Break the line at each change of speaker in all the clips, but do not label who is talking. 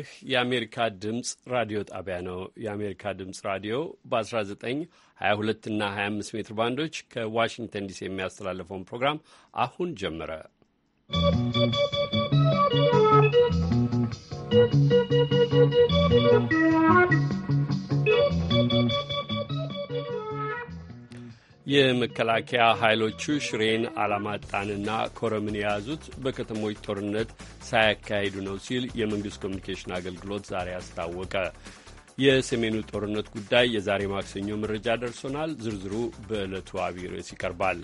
ይህ የአሜሪካ ድምፅ ራዲዮ ጣቢያ ነው። የአሜሪካ ድምፅ ራዲዮ በ19፣ 22 እና 25 ሜትር ባንዶች ከዋሽንግተን ዲሲ የሚያስተላልፈውን ፕሮግራም አሁን ጀመረ። ¶¶ የመከላከያ ኃይሎቹ ሽሬን አላማጣንና ኮረምን የያዙት በከተሞች ጦርነት ሳያካሂዱ ነው ሲል የመንግሥት ኮሚኒኬሽን አገልግሎት ዛሬ አስታወቀ። የሰሜኑ ጦርነት ጉዳይ የዛሬ ማክሰኞ መረጃ ደርሶናል። ዝርዝሩ በዕለቱ አብይ ርዕስ ይቀርባል።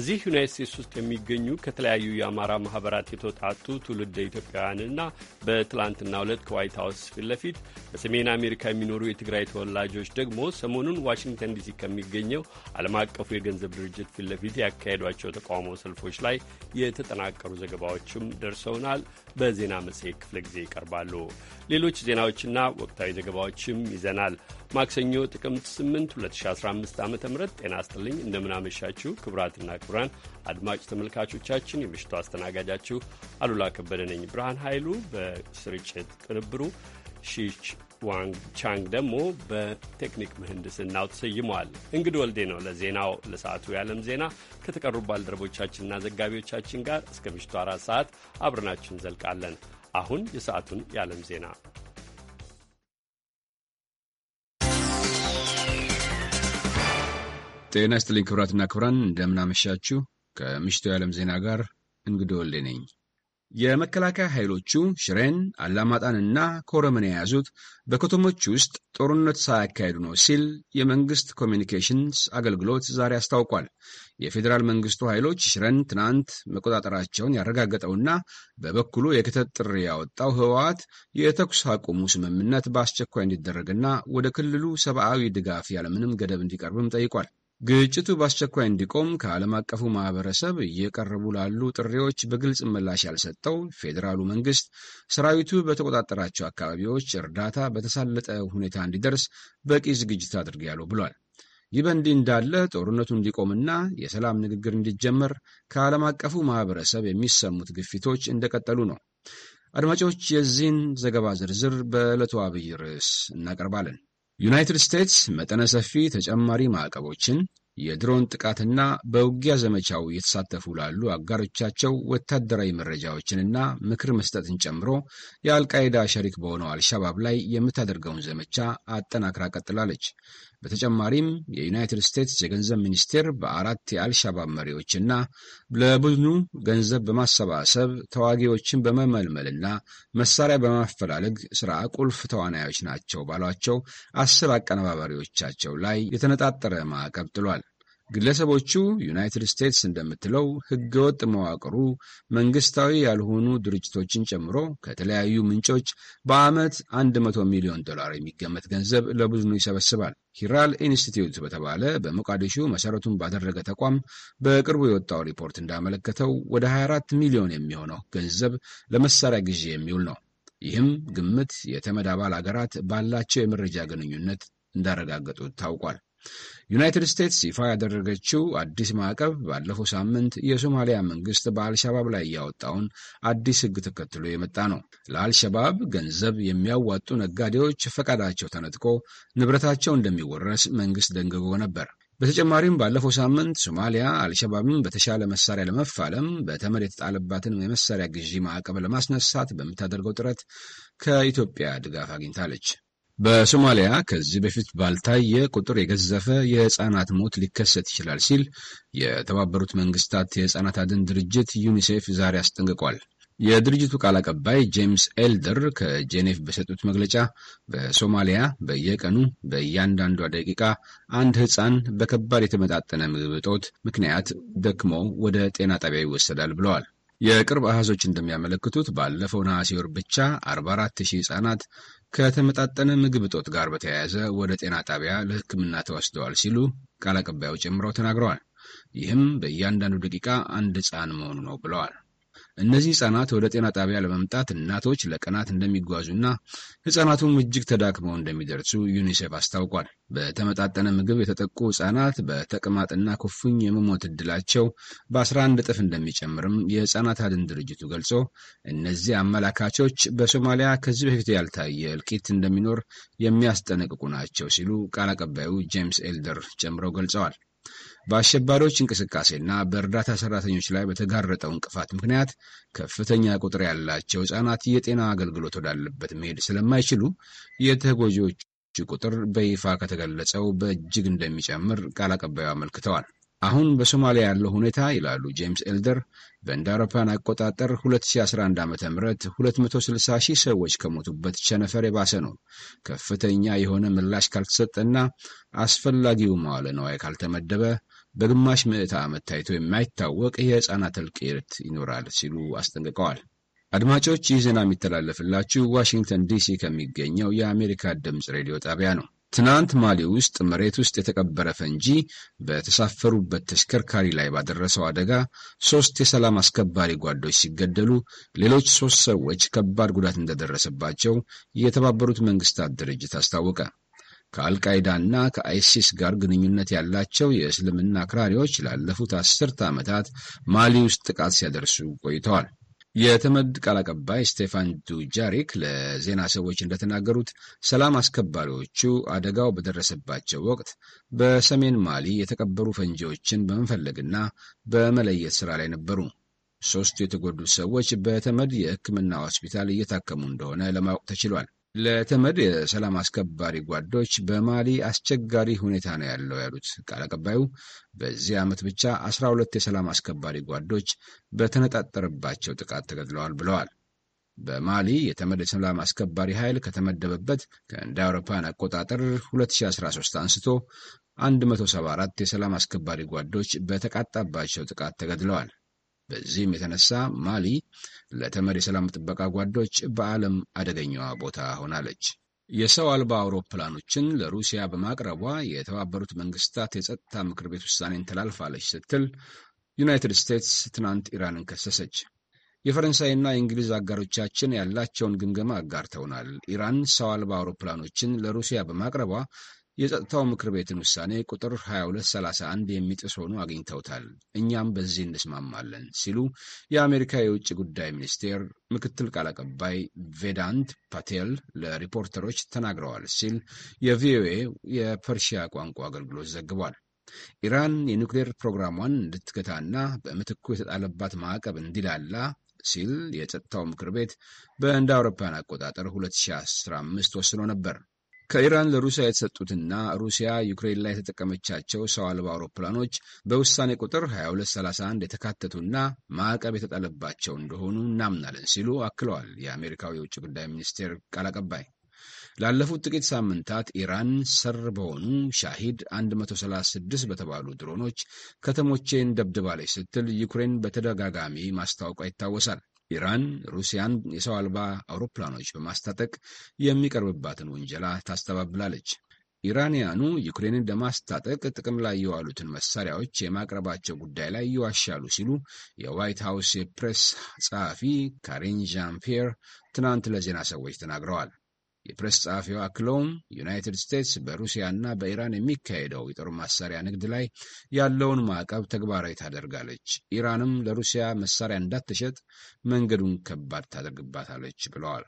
እዚህ ዩናይት ስቴትስ ውስጥ የሚገኙ ከተለያዩ የአማራ ማህበራት የተውጣጡ ትውልደ ኢትዮጵያውያንና በትላንትና ዕለት ከዋይት ሀውስ ፊት ለፊት በሰሜን አሜሪካ የሚኖሩ የትግራይ ተወላጆች ደግሞ ሰሞኑን ዋሽንግተን ዲሲ ከሚገኘው ዓለም አቀፉ የገንዘብ ድርጅት ፊት ለፊት ያካሄዷቸው ተቃውሞ ሰልፎች ላይ የተጠናቀሩ ዘገባዎችም ደርሰውናል። በዜና መጽሔት ክፍለ ጊዜ ይቀርባሉ። ሌሎች ዜናዎችና ወቅታዊ ዘገባዎችም ይዘናል። ማክሰኞ ጥቅምት 8 2015 ዓ ም ጤና አስጥልኝ እንደምናመሻችሁ ክቡራትና ክቡራን አድማጭ ተመልካቾቻችን የምሽቱ አስተናጋጃችሁ አሉላ ከበደ ነኝ። ብርሃን ኃይሉ በስርጭት ቅንብሩ፣ ሺች ዋንግ ቻንግ ደግሞ በቴክኒክ ምህንድስናው ተሰይመዋል። እንግዲ ወልዴ ነው ለዜናው ለሰዓቱ የዓለም ዜና ከተቀሩ ባልደረቦቻችንና ዘጋቢዎቻችን ጋር እስከ ምሽቱ አራት ሰዓት አብረናችሁ እንዘልቃለን። አሁን የሰዓቱን የዓለም ዜና
ጤና ይስጥልኝ ክብራትና ክብራን፣ እንደምናመሻችሁ። ከምሽቱ የዓለም ዜና ጋር እንግዶ ወልዴ ነኝ። የመከላከያ ኃይሎቹ ሽሬን፣ አላማጣንና ኮረምን የያዙት በከተሞች ውስጥ ጦርነት ሳያካሄዱ ነው ሲል የመንግስት ኮሚኒኬሽንስ አገልግሎት ዛሬ አስታውቋል። የፌዴራል መንግስቱ ኃይሎች ሽሬን ትናንት መቆጣጠራቸውን ያረጋገጠውና በበኩሉ የክተት ጥሪ ያወጣው ህወሓት የተኩስ አቁሙ ስምምነት በአስቸኳይ እንዲደረግና ወደ ክልሉ ሰብአዊ ድጋፍ ያለምንም ገደብ እንዲቀርብም ጠይቋል። ግጭቱ በአስቸኳይ እንዲቆም ከዓለም አቀፉ ማህበረሰብ እየቀረቡ ላሉ ጥሪዎች በግልጽ ምላሽ ያልሰጠው ፌዴራሉ መንግስት ሰራዊቱ በተቆጣጠራቸው አካባቢዎች እርዳታ በተሳለጠ ሁኔታ እንዲደርስ በቂ ዝግጅት አድርጌያለሁ ብሏል። ይህ በእንዲህ እንዳለ ጦርነቱ እንዲቆምና የሰላም ንግግር እንዲጀመር ከዓለም አቀፉ ማህበረሰብ የሚሰሙት ግፊቶች እንደቀጠሉ ነው። አድማጮች፣ የዚህን ዘገባ ዝርዝር በዕለቱ አብይ ርዕስ እናቀርባለን። ዩናይትድ ስቴትስ መጠነ ሰፊ ተጨማሪ ማዕቀቦችን፣ የድሮን ጥቃትና በውጊያ ዘመቻው እየተሳተፉ ላሉ አጋሮቻቸው ወታደራዊ መረጃዎችንና ምክር መስጠትን ጨምሮ የአልቃይዳ ሸሪክ በሆነው አልሻባብ ላይ የምታደርገውን ዘመቻ አጠናክራ ቀጥላለች። በተጨማሪም የዩናይትድ ስቴትስ የገንዘብ ሚኒስቴር በአራት የአልሻባብ መሪዎችና ለቡድኑ ገንዘብ በማሰባሰብ ተዋጊዎችን በመመልመልና መሳሪያ በማፈላለግ ስራ ቁልፍ ተዋናዮች ናቸው ባሏቸው አስር አቀነባባሪዎቻቸው ላይ የተነጣጠረ ማዕቀብ ጥሏል። ግለሰቦቹ ዩናይትድ ስቴትስ እንደምትለው ሕገወጥ መዋቅሩ መንግስታዊ ያልሆኑ ድርጅቶችን ጨምሮ ከተለያዩ ምንጮች በዓመት 100 ሚሊዮን ዶላር የሚገመት ገንዘብ ለቡድኑ ይሰበስባል። ሂራል ኢንስቲትዩት በተባለ በሞቃዲሹ መሠረቱን ባደረገ ተቋም በቅርቡ የወጣው ሪፖርት እንዳመለከተው ወደ 24 ሚሊዮን የሚሆነው ገንዘብ ለመሳሪያ ግዢ የሚውል ነው። ይህም ግምት የተመድ አባል አገራት ባላቸው የመረጃ ግንኙነት እንዳረጋገጡት ታውቋል። ዩናይትድ ስቴትስ ይፋ ያደረገችው አዲስ ማዕቀብ ባለፈው ሳምንት የሶማሊያ መንግስት በአልሸባብ ላይ ያወጣውን አዲስ ህግ ተከትሎ የመጣ ነው። ለአልሸባብ ገንዘብ የሚያዋጡ ነጋዴዎች ፈቃዳቸው ተነጥቆ ንብረታቸው እንደሚወረስ መንግስት ደንግጎ ነበር። በተጨማሪም ባለፈው ሳምንት ሶማሊያ አልሸባብን በተሻለ መሳሪያ ለመፋለም በተመድ የተጣለባትን የመሳሪያ ግዢ ማዕቀብ ለማስነሳት በምታደርገው ጥረት ከኢትዮጵያ ድጋፍ አግኝታለች። በሶማሊያ ከዚህ በፊት ባልታየ ቁጥር የገዘፈ የሕፃናት ሞት ሊከሰት ይችላል ሲል የተባበሩት መንግስታት የሕፃናት አድን ድርጅት ዩኒሴፍ ዛሬ አስጠንቅቋል። የድርጅቱ ቃል አቀባይ ጄምስ ኤልደር ከጄኔቭ በሰጡት መግለጫ በሶማሊያ በየቀኑ በእያንዳንዷ ደቂቃ አንድ ህፃን በከባድ የተመጣጠነ ምግብ እጦት ምክንያት ደክሞ ወደ ጤና ጣቢያ ይወሰዳል ብለዋል። የቅርብ አሃዞች እንደሚያመለክቱት ባለፈው ነሐሴ ወር ብቻ 44 ሺህ ህጻናት ከተመጣጠነ ምግብ እጦት ጋር በተያያዘ ወደ ጤና ጣቢያ ለሕክምና ተወስደዋል ሲሉ ቃል አቀባዩ ጨምረው ተናግረዋል። ይህም በእያንዳንዱ ደቂቃ አንድ ህፃን መሆኑ ነው ብለዋል። እነዚህ ህጻናት ወደ ጤና ጣቢያ ለመምጣት እናቶች ለቀናት እንደሚጓዙና ህጻናቱም እጅግ ተዳክመው እንደሚደርሱ ዩኒሴፍ አስታውቋል። በተመጣጠነ ምግብ የተጠቁ ህጻናት በተቅማጥና ኩፍኝ የመሞት እድላቸው በ11 እጥፍ እንደሚጨምርም የህጻናት አድን ድርጅቱ ገልጾ እነዚህ አመላካቾች በሶማሊያ ከዚህ በፊት ያልታየ እልቂት እንደሚኖር የሚያስጠነቅቁ ናቸው ሲሉ ቃል አቀባዩ ጄምስ ኤልደር ጨምረው ገልጸዋል። በአሸባሪዎች እንቅስቃሴና በእርዳታ ሰራተኞች ላይ በተጋረጠው እንቅፋት ምክንያት ከፍተኛ ቁጥር ያላቸው ሕፃናት የጤና አገልግሎት ወዳለበት መሄድ ስለማይችሉ የተጎጂዎቹ ቁጥር በይፋ ከተገለጸው በእጅግ እንደሚጨምር ቃል አቀባዩ አመልክተዋል። አሁን በሶማሊያ ያለው ሁኔታ ይላሉ ጄምስ ኤልደር፣ በእንደ አውሮፓውያን አቆጣጠር 2011 ዓ ም 260 ሺህ ሰዎች ከሞቱበት ቸነፈር የባሰ ነው። ከፍተኛ የሆነ ምላሽ ካልተሰጠና አስፈላጊው መዋለ ነዋይ ካልተመደበ በግማሽ ምዕተ ዓመት ታይቶ የማይታወቅ የሕፃናት እልቂት ይኖራል ሲሉ አስጠንቅቀዋል። አድማጮች ይህ ዜና የሚተላለፍላችሁ ዋሽንግተን ዲሲ ከሚገኘው የአሜሪካ ድምፅ ሬዲዮ ጣቢያ ነው። ትናንት ማሊ ውስጥ መሬት ውስጥ የተቀበረ ፈንጂ በተሳፈሩበት ተሽከርካሪ ላይ ባደረሰው አደጋ ሶስት የሰላም አስከባሪ ጓዶች ሲገደሉ ሌሎች ሶስት ሰዎች ከባድ ጉዳት እንደደረሰባቸው የተባበሩት መንግስታት ድርጅት አስታወቀ። ከአልቃይዳና ከአይሲስ ጋር ግንኙነት ያላቸው የእስልምና አክራሪዎች ላለፉት አስርተ ዓመታት ማሊ ውስጥ ጥቃት ሲያደርሱ ቆይተዋል። የተመድ ቃል አቀባይ ስቴፋን ዱጃሪክ ለዜና ሰዎች እንደተናገሩት ሰላም አስከባሪዎቹ አደጋው በደረሰባቸው ወቅት በሰሜን ማሊ የተቀበሩ ፈንጂዎችን በመፈለግና በመለየት ሥራ ላይ ነበሩ። ሦስቱ የተጎዱት ሰዎች በተመድ የሕክምና ሆስፒታል እየታከሙ እንደሆነ ለማወቅ ተችሏል። ለተመድ የሰላም አስከባሪ ጓዶች በማሊ አስቸጋሪ ሁኔታ ነው ያለው ያሉት ቃል አቀባዩ በዚህ ዓመት ብቻ 12 የሰላም አስከባሪ ጓዶች በተነጣጠረባቸው ጥቃት ተገድለዋል ብለዋል። በማሊ የተመድ የሰላም አስከባሪ ኃይል ከተመደበበት ከእንደ አውሮፓን አቆጣጠር 2013 አንስቶ 174 የሰላም አስከባሪ ጓዶች በተቃጣባቸው ጥቃት ተገድለዋል። በዚህም የተነሳ ማሊ ለተመድ የሰላም ጥበቃ ጓዶች በዓለም አደገኛዋ ቦታ ሆናለች። የሰው አልባ አውሮፕላኖችን ለሩሲያ በማቅረቧ የተባበሩት መንግስታት የጸጥታ ምክር ቤት ውሳኔን ተላልፋለች ስትል ዩናይትድ ስቴትስ ትናንት ኢራንን ከሰሰች። የፈረንሳይና የእንግሊዝ አጋሮቻችን ያላቸውን ግምገማ አጋርተውናል። ኢራን ሰው አልባ አውሮፕላኖችን ለሩሲያ በማቅረቧ የጸጥታው ምክር ቤትን ውሳኔ ቁጥር 2231 የሚጥስ ሆኖ አግኝተውታል። እኛም በዚህ እንስማማለን ሲሉ የአሜሪካ የውጭ ጉዳይ ሚኒስቴር ምክትል ቃል አቀባይ ቬዳንት ፓቴል ለሪፖርተሮች ተናግረዋል ሲል የቪኦኤ የፐርሺያ ቋንቋ አገልግሎት ዘግቧል። ኢራን የኒውክሌር ፕሮግራሟን እንድትገታና በምትኩ የተጣለባት ማዕቀብ እንዲላላ ሲል የጸጥታው ምክር ቤት በእንደ አውሮፓውያን አቆጣጠር 2015 ወስኖ ነበር። ከኢራን ለሩሲያ የተሰጡትና ሩሲያ ዩክሬን ላይ የተጠቀመቻቸው ሰው አልባ አውሮፕላኖች በውሳኔ ቁጥር 2231 የተካተቱና ማዕቀብ የተጣለባቸው እንደሆኑ እናምናለን ሲሉ አክለዋል። የአሜሪካው የውጭ ጉዳይ ሚኒስቴር ቃል አቀባይ ላለፉት ጥቂት ሳምንታት ኢራን ሰር በሆኑ ሻሂድ 136 በተባሉ ድሮኖች ከተሞቼን ደብድባለች ስትል ዩክሬን በተደጋጋሚ ማስታወቋ ይታወሳል። ኢራን ሩሲያን የሰው አልባ አውሮፕላኖች በማስታጠቅ የሚቀርብባትን ውንጀላ ታስተባብላለች። ኢራንያኑ ዩክሬንን ለማስታጠቅ ጥቅም ላይ የዋሉትን መሳሪያዎች የማቅረባቸው ጉዳይ ላይ ይዋሻሉ ሲሉ የዋይት ሀውስ የፕሬስ ጸሐፊ ካሪን ዣን ፒየር ትናንት ለዜና ሰዎች ተናግረዋል። የፕሬስ ጸሐፊው አክለውም ዩናይትድ ስቴትስ በሩሲያና በኢራን የሚካሄደው የጦር መሳሪያ ንግድ ላይ ያለውን ማዕቀብ ተግባራዊ ታደርጋለች፣ ኢራንም ለሩሲያ መሳሪያ እንዳትሸጥ መንገዱን ከባድ ታደርግባታለች ብለዋል።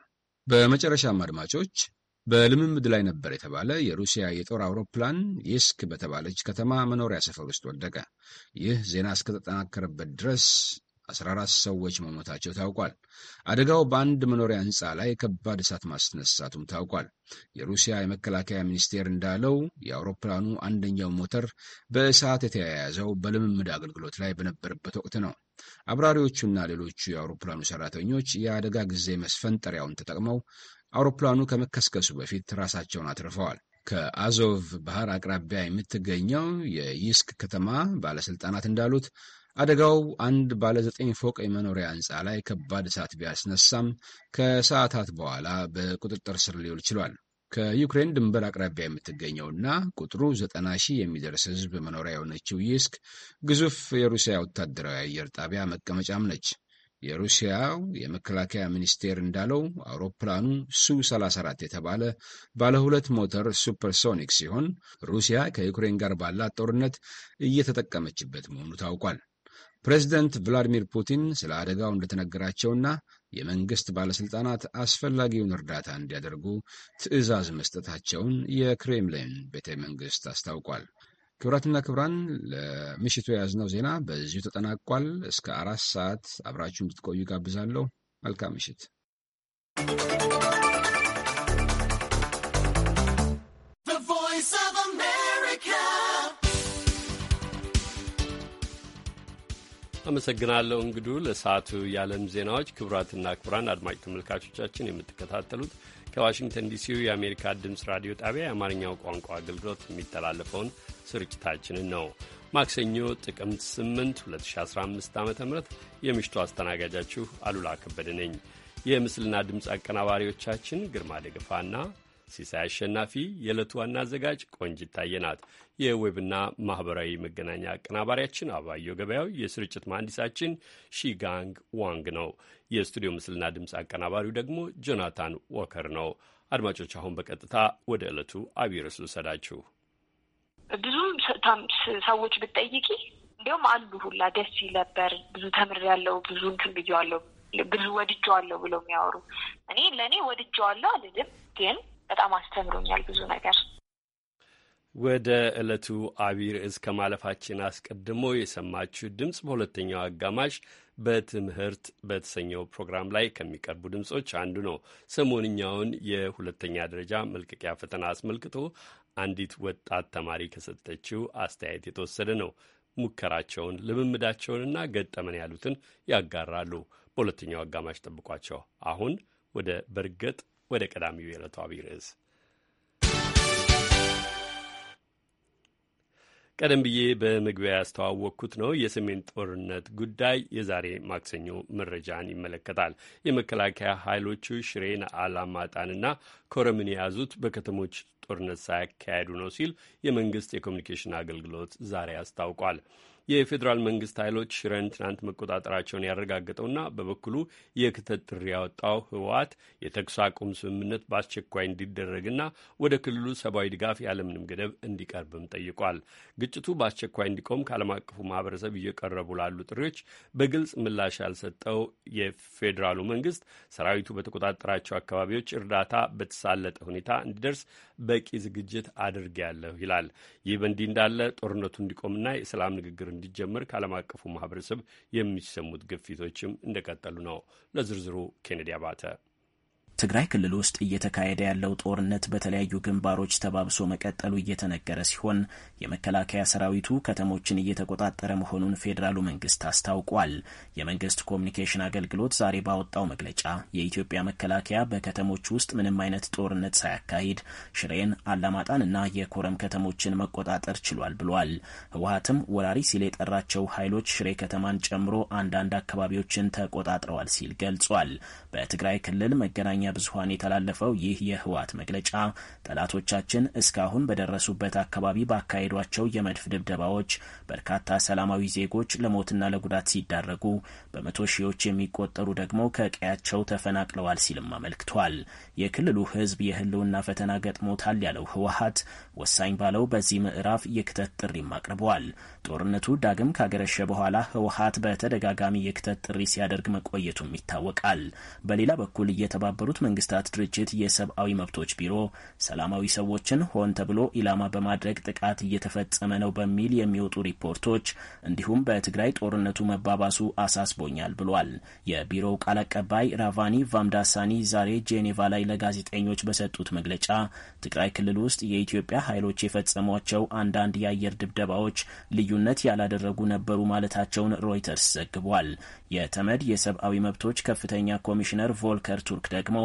በመጨረሻም አድማጮች በልምምድ ላይ ነበር የተባለ የሩሲያ የጦር አውሮፕላን የስክ በተባለች ከተማ መኖሪያ ሰፈር ውስጥ ወደቀ። ይህ ዜና እስከተጠናከረበት ድረስ 14 ሰዎች መሞታቸው ታውቋል። አደጋው በአንድ መኖሪያ ሕንፃ ላይ ከባድ እሳት ማስነሳቱም ታውቋል። የሩሲያ የመከላከያ ሚኒስቴር እንዳለው የአውሮፕላኑ አንደኛው ሞተር በእሳት የተያያዘው በልምምድ አገልግሎት ላይ በነበረበት ወቅት ነው። አብራሪዎቹና ሌሎቹ የአውሮፕላኑ ሰራተኞች የአደጋ ጊዜ መስፈንጠሪያውን ተጠቅመው አውሮፕላኑ ከመከስከሱ በፊት ራሳቸውን አትርፈዋል። ከአዞቭ ባህር አቅራቢያ የምትገኘው የይስክ ከተማ ባለሥልጣናት እንዳሉት አደጋው አንድ ባለ ዘጠኝ ፎቅ የመኖሪያ ሕንፃ ላይ ከባድ እሳት ቢያስነሳም ከሰዓታት በኋላ በቁጥጥር ስር ሊውል ችሏል። ከዩክሬን ድንበር አቅራቢያ የምትገኘውና ቁጥሩ ዘጠና ሺህ የሚደርስ ህዝብ መኖሪያ የሆነችው ይስክ ግዙፍ የሩሲያ ወታደራዊ አየር ጣቢያ መቀመጫም ነች። የሩሲያው የመከላከያ ሚኒስቴር እንዳለው አውሮፕላኑ ሱ 34 የተባለ ባለ ሁለት ሞተር ሱፐርሶኒክ ሲሆን ሩሲያ ከዩክሬን ጋር ባላት ጦርነት እየተጠቀመችበት መሆኑ ታውቋል። ፕሬዚደንት ቭላዲሚር ፑቲን ስለ አደጋው እንደተነገራቸውና የመንግሥት ባለሥልጣናት አስፈላጊውን እርዳታ እንዲያደርጉ ትዕዛዝ መስጠታቸውን የክሬምሊን ቤተ መንግሥት አስታውቋል። ክብራትና ክብራን ለምሽቱ የያዝነው ዜና በዚሁ ተጠናቋል። እስከ አራት ሰዓት አብራችሁ እንድትቆዩ ጋብዛለሁ። መልካም ምሽት።
አመሰግናለሁ እንግዱ ለሰዓቱ የዓለም ዜናዎች። ክቡራትና ክቡራን አድማጭ ተመልካቾቻችን የምትከታተሉት ከዋሽንግተን ዲሲው የአሜሪካ ድምፅ ራዲዮ ጣቢያ የአማርኛው ቋንቋ አገልግሎት የሚተላለፈውን ስርጭታችንን ነው። ማክሰኞ ጥቅምት 8 2015 ዓ ም የምሽቱ አስተናጋጃችሁ አሉላ ከበደ ነኝ። የምስልና ድምፅ አቀናባሪዎቻችን ግርማ ደገፋና ሲሳይ አሸናፊ፣ የዕለቱ ዋና አዘጋጅ ቆንጅ ይታየናት፣ የዌብና ማኅበራዊ መገናኛ አቀናባሪያችን አባየሁ ገበያው፣ የስርጭት መሐንዲሳችን ሺጋንግ ዋንግ ነው። የስቱዲዮ ምስልና ድምፅ አቀናባሪው ደግሞ ጆናታን ወከር ነው። አድማጮች አሁን በቀጥታ ወደ ዕለቱ አብይ ርዕስ ልውሰዳችሁ።
ብዙም ሰዎች ብትጠይቂ እንዲሁም አሉ ሁላ ደስ ይል ነበር፣ ብዙ ተምሬያለሁ፣ ብዙ እንትን ብዙ ወድጀዋለሁ ብለው የሚያወሩ እኔ ለእኔ ወድጀዋለሁ አልልም ግን በጣም አስተምሮኛል ብዙ ነገር።
ወደ ዕለቱ አቢይ ርዕስ ከማለፋችን አስቀድሞ የሰማችሁ ድምፅ በሁለተኛው አጋማሽ በትምህርት በተሰኘው ፕሮግራም ላይ ከሚቀርቡ ድምፆች አንዱ ነው። ሰሞንኛውን የሁለተኛ ደረጃ መልቀቂያ ፈተና አስመልክቶ አንዲት ወጣት ተማሪ ከሰጠችው አስተያየት የተወሰደ ነው። ሙከራቸውን፣ ልምምዳቸውንና ገጠመን ያሉትን ያጋራሉ። በሁለተኛው አጋማሽ ጠብቋቸው። አሁን ወደ በርገጥ ወደ ቀዳሚው የዕለቱ አብይ ርዕስ ቀደም ብዬ በመግቢያ ያስተዋወቅኩት ነው። የሰሜን ጦርነት ጉዳይ የዛሬ ማክሰኞ መረጃን ይመለከታል። የመከላከያ ኃይሎቹ ሽሬን፣ አላማጣንና ኮረምን የያዙት በከተሞች ጦርነት ሳያካሄዱ ነው ሲል የመንግስት የኮሚኒኬሽን አገልግሎት ዛሬ አስታውቋል። የፌዴራል መንግስት ኃይሎች ሽረን ትናንት መቆጣጠራቸውን ያረጋገጠውና በበኩሉ የክተት ጥሪ ያወጣው ህወሓት የተኩስ አቁም ስምምነት በአስቸኳይ እንዲደረግና ወደ ክልሉ ሰብአዊ ድጋፍ ያለምንም ገደብ እንዲቀርብም ጠይቋል። ግጭቱ በአስቸኳይ እንዲቆም ከዓለም አቀፉ ማህበረሰብ እየቀረቡ ላሉ ጥሪዎች በግልጽ ምላሽ ያልሰጠው የፌዴራሉ መንግስት ሰራዊቱ በተቆጣጠራቸው አካባቢዎች እርዳታ በተሳለጠ ሁኔታ እንዲደርስ በቂ ዝግጅት አድርጌያለሁ ይላል። ይህ በእንዲህ እንዳለ ጦርነቱ እንዲቆምና የሰላም ንግግር እንዲጀምር ከዓለም አቀፉ ማህበረሰብ የሚሰሙት ግፊቶችም እንደቀጠሉ ነው። ለዝርዝሩ ኬኔዲ አባተ
ትግራይ ክልል ውስጥ እየተካሄደ ያለው ጦርነት በተለያዩ ግንባሮች ተባብሶ መቀጠሉ እየተነገረ ሲሆን የመከላከያ ሰራዊቱ ከተሞችን እየተቆጣጠረ መሆኑን ፌዴራሉ መንግስት አስታውቋል። የመንግስት ኮሚኒኬሽን አገልግሎት ዛሬ ባወጣው መግለጫ የኢትዮጵያ መከላከያ በከተሞች ውስጥ ምንም አይነት ጦርነት ሳያካሂድ ሽሬን፣ አላማጣን እና የኮረም ከተሞችን መቆጣጠር ችሏል ብሏል። ህወሀትም ወራሪ ሲል የጠራቸው ኃይሎች ሽሬ ከተማን ጨምሮ አንዳንድ አካባቢዎችን ተቆጣጥረዋል ሲል ገልጿል። በትግራይ ክልል መገናኛ መገናኛ ብዙኃን የተላለፈው ይህ የህወሓት መግለጫ ጠላቶቻችን እስካሁን በደረሱበት አካባቢ ባካሄዷቸው የመድፍ ድብደባዎች በርካታ ሰላማዊ ዜጎች ለሞትና ለጉዳት ሲዳረጉ፣ በመቶ ሺዎች የሚቆጠሩ ደግሞ ከቀያቸው ተፈናቅለዋል ሲልም አመልክቷል። የክልሉ ህዝብ የህልውና ፈተና ገጥሞታል ያለው ህወሓት ወሳኝ ባለው በዚህ ምዕራፍ የክተት ጥሪም አቅርበዋል። ጦርነቱ ዳግም ካገረሸ በኋላ ህወሓት በተደጋጋሚ የክተት ጥሪ ሲያደርግ መቆየቱም ይታወቃል። በሌላ በኩል እየተባበሩ የተባበሩት መንግስታት ድርጅት የሰብአዊ መብቶች ቢሮ ሰላማዊ ሰዎችን ሆን ተብሎ ኢላማ በማድረግ ጥቃት እየተፈጸመ ነው በሚል የሚወጡ ሪፖርቶች እንዲሁም በትግራይ ጦርነቱ መባባሱ አሳስቦኛል ብሏል። የቢሮው ቃል አቀባይ ራቫኒ ቫምዳሳኒ ዛሬ ጄኔቫ ላይ ለጋዜጠኞች በሰጡት መግለጫ ትግራይ ክልል ውስጥ የኢትዮጵያ ኃይሎች የፈጸሟቸው አንዳንድ የአየር ድብደባዎች ልዩነት ያላደረጉ ነበሩ ማለታቸውን ሮይተርስ ዘግቧል። የተመድ የሰብአዊ መብቶች ከፍተኛ ኮሚሽነር ቮልከር ቱርክ ደግሞ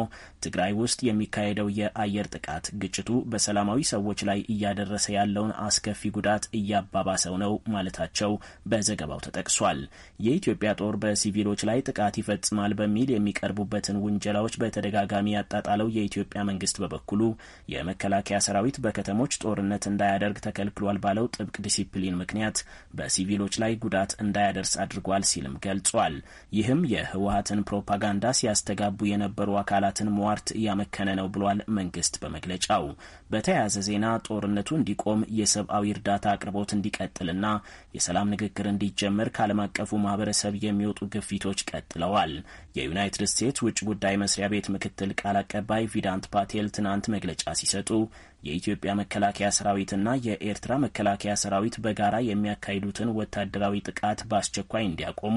ትግራይ ውስጥ የሚካሄደው የአየር ጥቃት ግጭቱ በሰላማዊ ሰዎች ላይ እያደረሰ ያለውን አስከፊ ጉዳት እያባባሰው ነው ማለታቸው በዘገባው ተጠቅሷል። የኢትዮጵያ ጦር በሲቪሎች ላይ ጥቃት ይፈጽማል በሚል የሚቀርቡበትን ውንጀላዎች በተደጋጋሚ ያጣጣለው የኢትዮጵያ መንግስት በበኩሉ የመከላከያ ሰራዊት በከተሞች ጦርነት እንዳያደርግ ተከልክሏል ባለው ጥብቅ ዲሲፕሊን ምክንያት በሲቪሎች ላይ ጉዳት እንዳያደርስ አድርጓል ሲልም ገልጿል። ይህም የህወሀትን ፕሮፓጋንዳ ሲያስተጋቡ የነበሩ አካላትን ሟርት እያመከነ ነው ብሏል መንግስት በመግለጫው። በተያያዘ ዜና ጦርነቱ እንዲቆም የሰብአዊ እርዳታ አቅርቦት እንዲቀጥልና የሰላም ንግግር እንዲጀመር ከዓለም አቀፉ ማህበረሰብ የሚወጡ ግፊቶች ቀጥለዋል። የዩናይትድ ስቴትስ ውጭ ጉዳይ መስሪያ ቤት ምክትል ቃል አቀባይ ቪዳንት ፓቴል ትናንት መግለጫ ሲሰጡ እንዲሰጡ የኢትዮጵያ መከላከያ ሰራዊትና የኤርትራ መከላከያ ሰራዊት በጋራ የሚያካሂዱትን ወታደራዊ ጥቃት በአስቸኳይ እንዲያቆሙ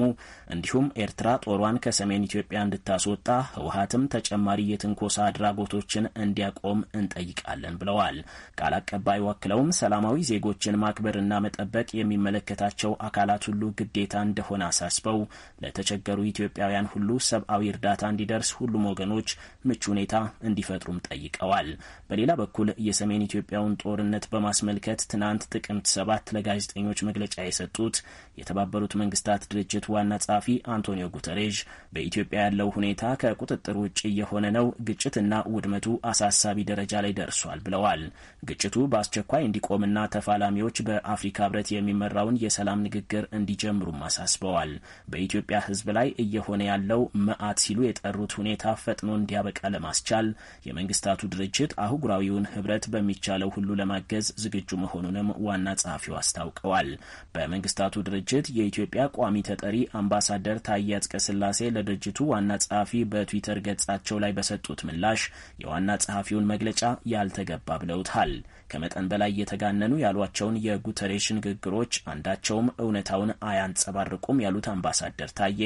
እንዲሁም ኤርትራ ጦሯን ከሰሜን ኢትዮጵያ እንድታስወጣ ህወሀትም ተጨማሪ የትንኮሳ አድራጎቶችን እንዲያቆም እንጠይቃለን ብለዋል። ቃል አቀባይ ወክለውም ሰላማዊ ዜጎችን ማክበርና መጠበቅ የሚመለከታቸው አካላት ሁሉ ግዴታ እንደሆነ አሳስበው ለተቸገሩ ኢትዮጵያውያን ሁሉ ሰብአዊ እርዳታ እንዲደርስ ሁሉም ወገኖች ምቹ ሁኔታ እንዲፈጥሩም ጠይቀዋል። በሌላ በኩል የሰሜን ኢትዮጵያውን ጦርነት በማስመልከት ትናንት ጥቅምት ሰባት ለጋዜጠኞች መግለጫ የሰጡት የተባበሩት መንግስታት ድርጅት ዋና ጸሐፊ አንቶኒዮ ጉተሬዥ በኢትዮጵያ ያለው ሁኔታ ከቁጥጥር ውጭ እየሆነ ነው፣ ግጭትና ውድመቱ አሳሳቢ ደረጃ ላይ ደርሷል ብለዋል። ግጭቱ በአስቸኳይ እንዲቆምና ተፋላሚዎች በአፍሪካ ህብረት የሚመራውን የሰላም ንግግር እንዲጀምሩም አሳስበዋል። በኢትዮጵያ ህዝብ ላይ እየሆነ ያለው መዓት ሲሉ የጠሩት ሁኔታ ፈጥኖ እንዲያበቃ ለማስቻል የመንግስታቱ ድርጅት አህጉራዊውን ህብረት በሚቻለው ሁሉ ለማገዝ ዝግጁ መሆኑንም ዋና ጸሐፊው አስታውቀዋል። በመንግስታቱ ድርጅት ድርጅት የኢትዮጵያ ቋሚ ተጠሪ አምባሳደር ታዬ አጽቀሥላሴ ለድርጅቱ ዋና ጸሐፊ በትዊተር ገጻቸው ላይ በሰጡት ምላሽ የዋና ጸሐፊውን መግለጫ ያልተገባ ብለውታል። ከመጠን በላይ የተጋነኑ ያሏቸውን የጉተሬሽ ንግግሮች አንዳቸውም እውነታውን አያንጸባርቁም ያሉት አምባሳደር ታዬ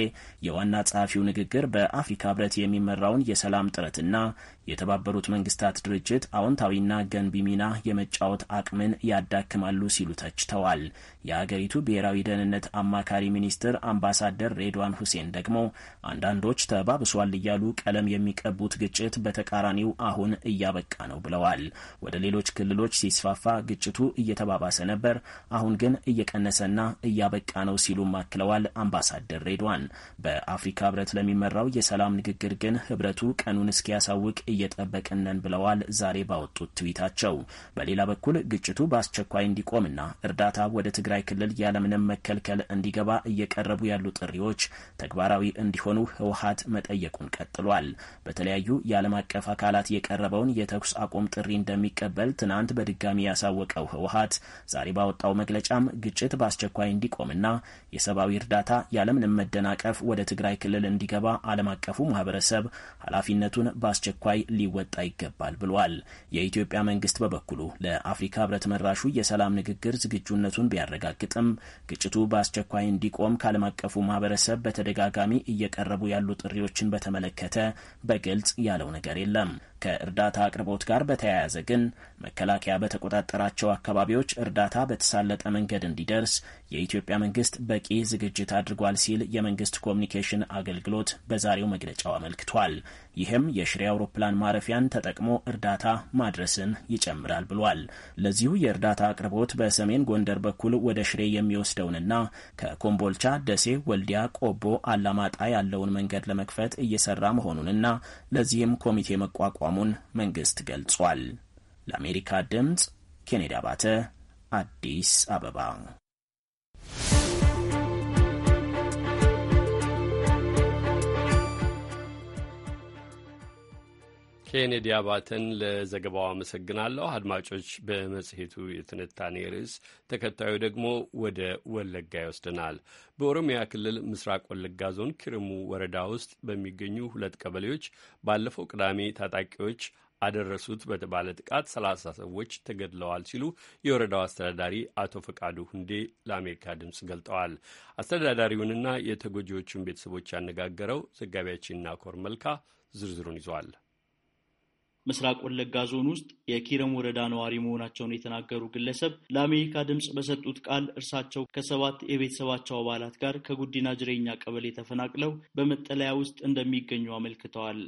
የዋና ጸሐፊው ንግግር በአፍሪካ ሕብረት የሚመራውን የሰላም ጥረትና የተባበሩት መንግስታት ድርጅት አዎንታዊና ገንቢ ሚና የመጫወት አቅምን ያዳክማሉ ሲሉ ተችተዋል። የአገሪቱ ብሔራዊ ደህንነት አማካሪ ሚኒስትር አምባሳደር ሬድዋን ሁሴን ደግሞ አንዳንዶች ተባብሷል እያሉ ቀለም የሚቀቡት ግጭት በተቃራኒው አሁን እያበቃ ነው ብለዋል። ወደ ሌሎች ክልሎች ሲስፋፋ ግጭቱ እየተባባሰ ነበር፣ አሁን ግን እየቀነሰና እያበቃ ነው ሲሉም አክለዋል። አምባሳደር ሬድዋን በአፍሪካ ህብረት ለሚመራው የሰላም ንግግር ግን ህብረቱ ቀኑን እስኪያሳውቅ እየጠበቅነን ብለዋል ዛሬ ባወጡት ትዊታቸው። በሌላ በኩል ግጭቱ በአስቸኳይ እንዲቆምና እርዳታ ወደ ትግራይ ክልል ያለምንም መከልከል እንዲገባ እየቀረቡ ያሉ ጥሪዎች ተግባራዊ እንዲሆኑ ህወሀት መጠየቁን ቀጥሏል። በተለያዩ የዓለም አቀፍ አካላት የቀረበውን የተኩስ አቁም ጥሪ እንደሚቀበል ትናንት በድጋሚ ያሳወቀው ህወሀት ዛሬ ባወጣው መግለጫም ግጭት በአስቸኳይ እንዲቆምና የሰብአዊ እርዳታ ያለምንም መደናቀፍ ወደ ትግራይ ክልል እንዲገባ ዓለም አቀፉ ማህበረሰብ ኃላፊነቱን በአስቸኳይ ጉዳይ ሊወጣ ይገባል ብሏል። የኢትዮጵያ መንግስት በበኩሉ ለአፍሪካ ህብረት መራሹ የሰላም ንግግር ዝግጁነቱን ቢያረጋግጥም ግጭቱ በአስቸኳይ እንዲቆም ከዓለም አቀፉ ማህበረሰብ በተደጋጋሚ እየቀረቡ ያሉ ጥሪዎችን በተመለከተ በግልጽ ያለው ነገር የለም። ከእርዳታ አቅርቦት ጋር በተያያዘ ግን መከላከያ በተቆጣጠራቸው አካባቢዎች እርዳታ በተሳለጠ መንገድ እንዲደርስ የኢትዮጵያ መንግስት በቂ ዝግጅት አድርጓል ሲል የመንግስት ኮሚኒኬሽን አገልግሎት በዛሬው መግለጫው አመልክቷል። ይህም የሽሬ አውሮፕላን ማረፊያን ተጠቅሞ እርዳታ ማድረስን ይጨምራል ብሏል። ለዚሁ የእርዳታ አቅርቦት በሰሜን ጎንደር በኩል ወደ ሽሬ የሚወስደውንና ከኮምቦልቻ፣ ደሴ፣ ወልዲያ፣ ቆቦ፣ አላማጣ ያለውን መንገድ ለመክፈት እየሰራ መሆኑንና ለዚህም ኮሚቴ መቋቋ ማቋቋሙን መንግስት ገልጿል። ለአሜሪካ ድምፅ ኬኔዲ አባተ አዲስ አበባ
ኬኔዲ አባተን ለዘገባው አመሰግናለሁ። አድማጮች፣ በመጽሔቱ የትንታኔ ርዕስ ተከታዩ ደግሞ ወደ ወለጋ ይወስደናል። በኦሮሚያ ክልል ምስራቅ ወለጋ ዞን ክርሙ ወረዳ ውስጥ በሚገኙ ሁለት ቀበሌዎች ባለፈው ቅዳሜ ታጣቂዎች አደረሱት በተባለ ጥቃት ሰላሳ ሰዎች ተገድለዋል ሲሉ የወረዳው አስተዳዳሪ አቶ ፈቃዱ ሁንዴ ለአሜሪካ ድምፅ ገልጠዋል። አስተዳዳሪውንና የተጎጂዎቹን ቤተሰቦች ያነጋገረው ዘጋቢያችን ናኮር መልካ ዝርዝሩን ይዟል።
ምስራቅ ወለጋ ዞን ውስጥ የኪረም ወረዳ ነዋሪ መሆናቸውን የተናገሩ ግለሰብ ለአሜሪካ ድምፅ በሰጡት ቃል እርሳቸው ከሰባት የቤተሰባቸው አባላት ጋር ከጉዲና ጅሬኛ ቀበሌ ተፈናቅለው በመጠለያ ውስጥ እንደሚገኙ አመልክተዋል።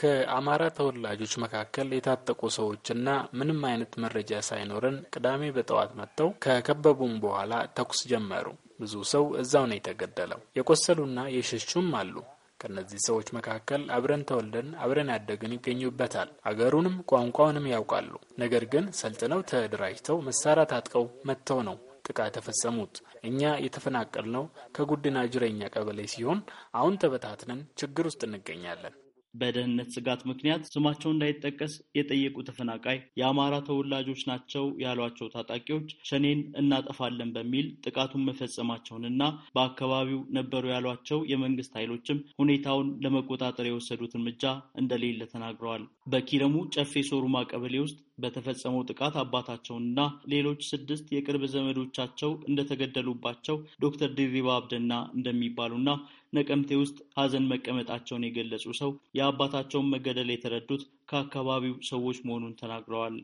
ከአማራ ተወላጆች መካከል የታጠቁ ሰዎችና ምንም አይነት መረጃ ሳይኖረን ቅዳሜ በጠዋት መጥተው ከከበቡም በኋላ ተኩስ ጀመሩ። ብዙ ሰው እዛው ነው የተገደለው። የቆሰሉና የሸሹም አሉ። ከነዚህ ሰዎች መካከል አብረን ተወልደን አብረን ያደግን ይገኙበታል። አገሩንም ቋንቋውንም ያውቃሉ። ነገር ግን ሰልጥነው ተደራጅተው መሳሪያ ታጥቀው መጥተው ነው ጥቃት የፈጸሙት። እኛ የተፈናቀልነው ከጉድና ጅረኛ ቀበሌ ሲሆን አሁን ተበታትነን ችግር ውስጥ እንገኛለን።
በደህንነት ስጋት ምክንያት ስማቸው እንዳይጠቀስ የጠየቁ ተፈናቃይ የአማራ ተወላጆች ናቸው ያሏቸው ታጣቂዎች ሸኔን እናጠፋለን በሚል ጥቃቱን መፈጸማቸውንና በአካባቢው ነበሩ ያሏቸው የመንግስት ኃይሎችም ሁኔታውን ለመቆጣጠር የወሰዱት እርምጃ እንደሌለ ተናግረዋል። በኪረሙ ጨፌ ሶሩማ ቀበሌ ውስጥ በተፈጸመው ጥቃት አባታቸውንና ሌሎች ስድስት የቅርብ ዘመዶቻቸው እንደተገደሉባቸው ዶክተር ድሪባ አብደና እንደሚባሉና ነቀምቴ ውስጥ ሀዘን መቀመጣቸውን የገለጹ ሰው የአባታቸውን መገደል የተረዱት ከአካባቢው ሰዎች መሆኑን ተናግረዋል።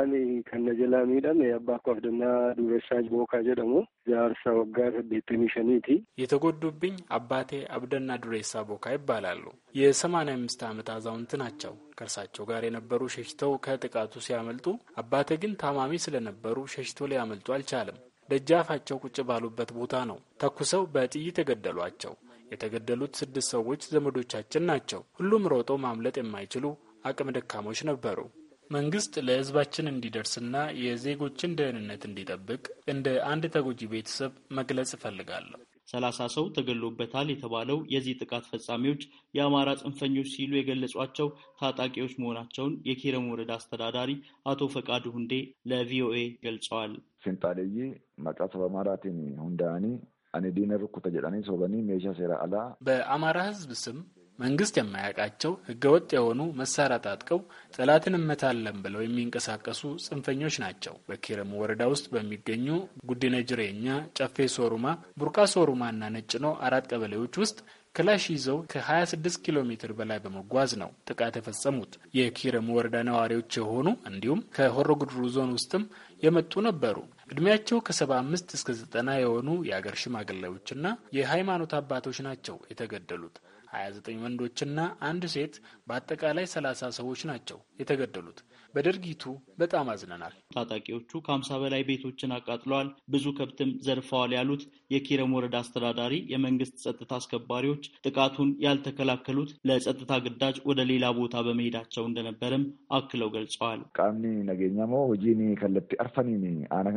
አኒ ከነጀላ ሚዳም የአባ ኮፍድና ዱረሻ ቦካ ጀደሙ ጃርሳ ወጋ ቤተሚሸኒቲ የተጎዱብኝ አባቴ አብደና ዱሬሳ ቦካ ይባላሉ። የሰማንያ አምስት ዓመት አዛውንት ናቸው። ከእርሳቸው ጋር የነበሩ ሸሽተው ከጥቃቱ ሲያመልጡ፣ አባቴ ግን ታማሚ ስለነበሩ ሸሽቶ ሊያመልጡ አልቻለም። ደጃፋቸው ቁጭ ባሉበት ቦታ ነው ተኩሰው በጥይት የገደሏቸው። የተገደሉት ስድስት ሰዎች ዘመዶቻችን ናቸው። ሁሉም ሮጦ ማምለጥ የማይችሉ አቅም ደካሞች ነበሩ። መንግስት ለህዝባችን እንዲደርስና
የዜጎችን ደህንነት
እንዲጠብቅ እንደ አንድ ተጎጂ ቤተሰብ መግለጽ እፈልጋለሁ።
ሰላሳ ሰው ተገሎበታል የተባለው የዚህ ጥቃት ፈጻሚዎች የአማራ ጽንፈኞች ሲሉ የገለጿቸው ታጣቂዎች መሆናቸውን የኪረም ወረዳ አስተዳዳሪ አቶ ፈቃዱ ሁንዴ ለቪኦኤ ገልጸዋል።
ሲንጣልይ መቃሰብ አማራቴን ሁንዳኒ አኔ ዲነር ኩተ ጀዳኒ ሶበኒ ሜሻ ሴራ አላ
በአማራ ህዝብ ስም መንግስት የማያውቃቸው ህገወጥ የሆኑ መሳሪያ ታጥቀው ጠላትን እመታለን ብለው የሚንቀሳቀሱ ጽንፈኞች ናቸው። በኪረሙ ወረዳ ውስጥ በሚገኙ ጉዲነ ጅሬኛ፣ ጨፌ ሶሩማ፣ ቡርቃ ሶሩማ እና ነው አራት ቀበሌዎች ውስጥ ክላሽ ይዘው ከ26 ኪሎ ሜትር በላይ በመጓዝ ነው ጥቃት የፈጸሙት። የኪረሙ ወረዳ ነዋሪዎች የሆኑ እንዲሁም ከሆሮ ጉድሩ ዞን ውስጥም የመጡ ነበሩ። እድሜያቸው ከ75 እስከ 90 የሆኑ የአገር ሽማግሌዎችና የሃይማኖት አባቶች ናቸው የተገደሉት። 29 ወንዶችና አንድ ሴት በአጠቃላይ 30 ሰዎች ናቸው የተገደሉት። በድርጊቱ በጣም አዝነናል።
ታጣቂዎቹ ከሀምሳ በላይ ቤቶችን አቃጥለዋል፣ ብዙ ከብትም ዘርፈዋል ያሉት የኪረም ወረዳ አስተዳዳሪ የመንግስት ጸጥታ አስከባሪዎች ጥቃቱን ያልተከላከሉት ለጸጥታ ግዳጅ ወደ ሌላ ቦታ በመሄዳቸው እንደነበረም አክለው ገልጸዋል።
ቃምኒ ነገኛሞ ጂኒ ከለቲ አርፈኒኒ አነ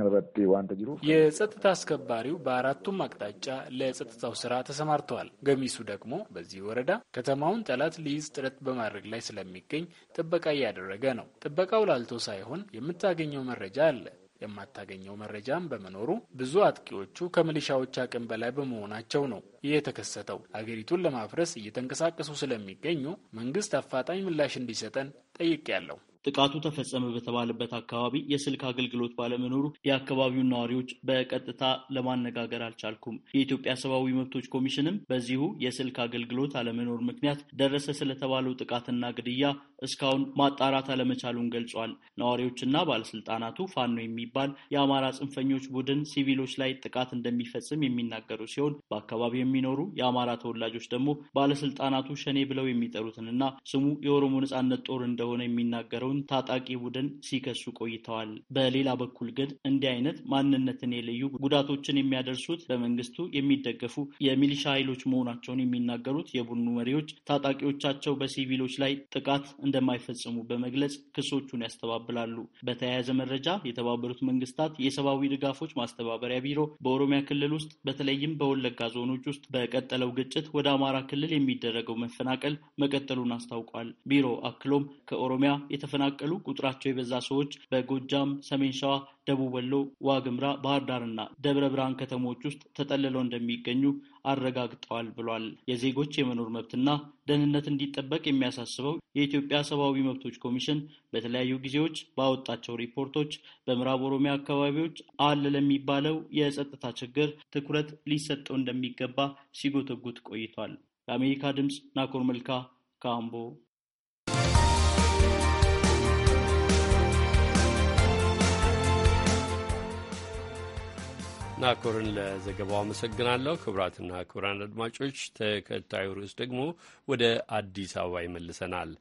ዋንተ ጅሩ
የጸጥታ
አስከባሪው በአራቱም አቅጣጫ ለጸጥታው ስራ ተሰማርተዋል። ገሚሱ ደግሞ በዚህ ወረዳ ከተማውን ጠላት ሊይዝ ጥረት በማድረግ ላይ ስለሚገኝ ጥበቃ እያደረገ ነው። ጥበቃው ላልቶ ሳይሆን የምታገኘው መረጃ አለ። የማታገኘው መረጃም በመኖሩ ብዙ አጥቂዎቹ ከሚሊሻዎች አቅም በላይ በመሆናቸው ነው ይህ የተከሰተው። አገሪቱን ለማፍረስ እየተንቀሳቀሱ ስለሚገኙ መንግስት አፋጣኝ
ምላሽ እንዲሰጠን ጠይቄያለሁ። ጥቃቱ ተፈጸመ በተባለበት አካባቢ የስልክ አገልግሎት ባለመኖሩ የአካባቢውን ነዋሪዎች በቀጥታ ለማነጋገር አልቻልኩም። የኢትዮጵያ ሰብአዊ መብቶች ኮሚሽንም በዚሁ የስልክ አገልግሎት አለመኖር ምክንያት ደረሰ ስለተባለው ጥቃትና ግድያ እስካሁን ማጣራት አለመቻሉን ገልጿል። ነዋሪዎችና ባለስልጣናቱ ፋኖ የሚባል የአማራ ጽንፈኞች ቡድን ሲቪሎች ላይ ጥቃት እንደሚፈጽም የሚናገሩ ሲሆን በአካባቢው የሚኖሩ የአማራ ተወላጆች ደግሞ ባለስልጣናቱ ሸኔ ብለው የሚጠሩትንና ስሙ የኦሮሞ ነጻነት ጦር እንደሆነ የሚናገረውን የመሰለውን ታጣቂ ቡድን ሲከሱ ቆይተዋል። በሌላ በኩል ግን እንዲህ አይነት ማንነትን የለዩ ጉዳቶችን የሚያደርሱት በመንግስቱ የሚደገፉ የሚሊሻ ኃይሎች መሆናቸውን የሚናገሩት የቡድኑ መሪዎች ታጣቂዎቻቸው በሲቪሎች ላይ ጥቃት እንደማይፈጽሙ በመግለጽ ክሶቹን ያስተባብላሉ። በተያያዘ መረጃ የተባበሩት መንግስታት የሰብአዊ ድጋፎች ማስተባበሪያ ቢሮ በኦሮሚያ ክልል ውስጥ በተለይም በወለጋ ዞኖች ውስጥ በቀጠለው ግጭት ወደ አማራ ክልል የሚደረገው መፈናቀል መቀጠሉን አስታውቋል። ቢሮ አክሎም ከኦሮሚያ የተፈና የተፈናቀሉ ቁጥራቸው የበዛ ሰዎች በጎጃም፣ ሰሜን ሸዋ፣ ደቡብ ወሎ፣ ዋግምራ፣ ባህር ዳርና ደብረ ብርሃን ከተሞች ውስጥ ተጠልለው እንደሚገኙ አረጋግጠዋል ብሏል። የዜጎች የመኖር መብትና ደህንነት እንዲጠበቅ የሚያሳስበው የኢትዮጵያ ሰብአዊ መብቶች ኮሚሽን በተለያዩ ጊዜዎች ባወጣቸው ሪፖርቶች በምዕራብ ኦሮሚያ አካባቢዎች አለ ለሚባለው የጸጥታ ችግር ትኩረት ሊሰጠው እንደሚገባ ሲጎተጉት ቆይቷል። ለአሜሪካ ድምፅ ናኮር መልካ ካምቦ
ናኮርን ለዘገባው አመሰግናለሁ። ክቡራትና ክቡራን አድማጮች ተከታዩ ርዕስ ደግሞ ወደ አዲስ አበባ ይመልሰናል።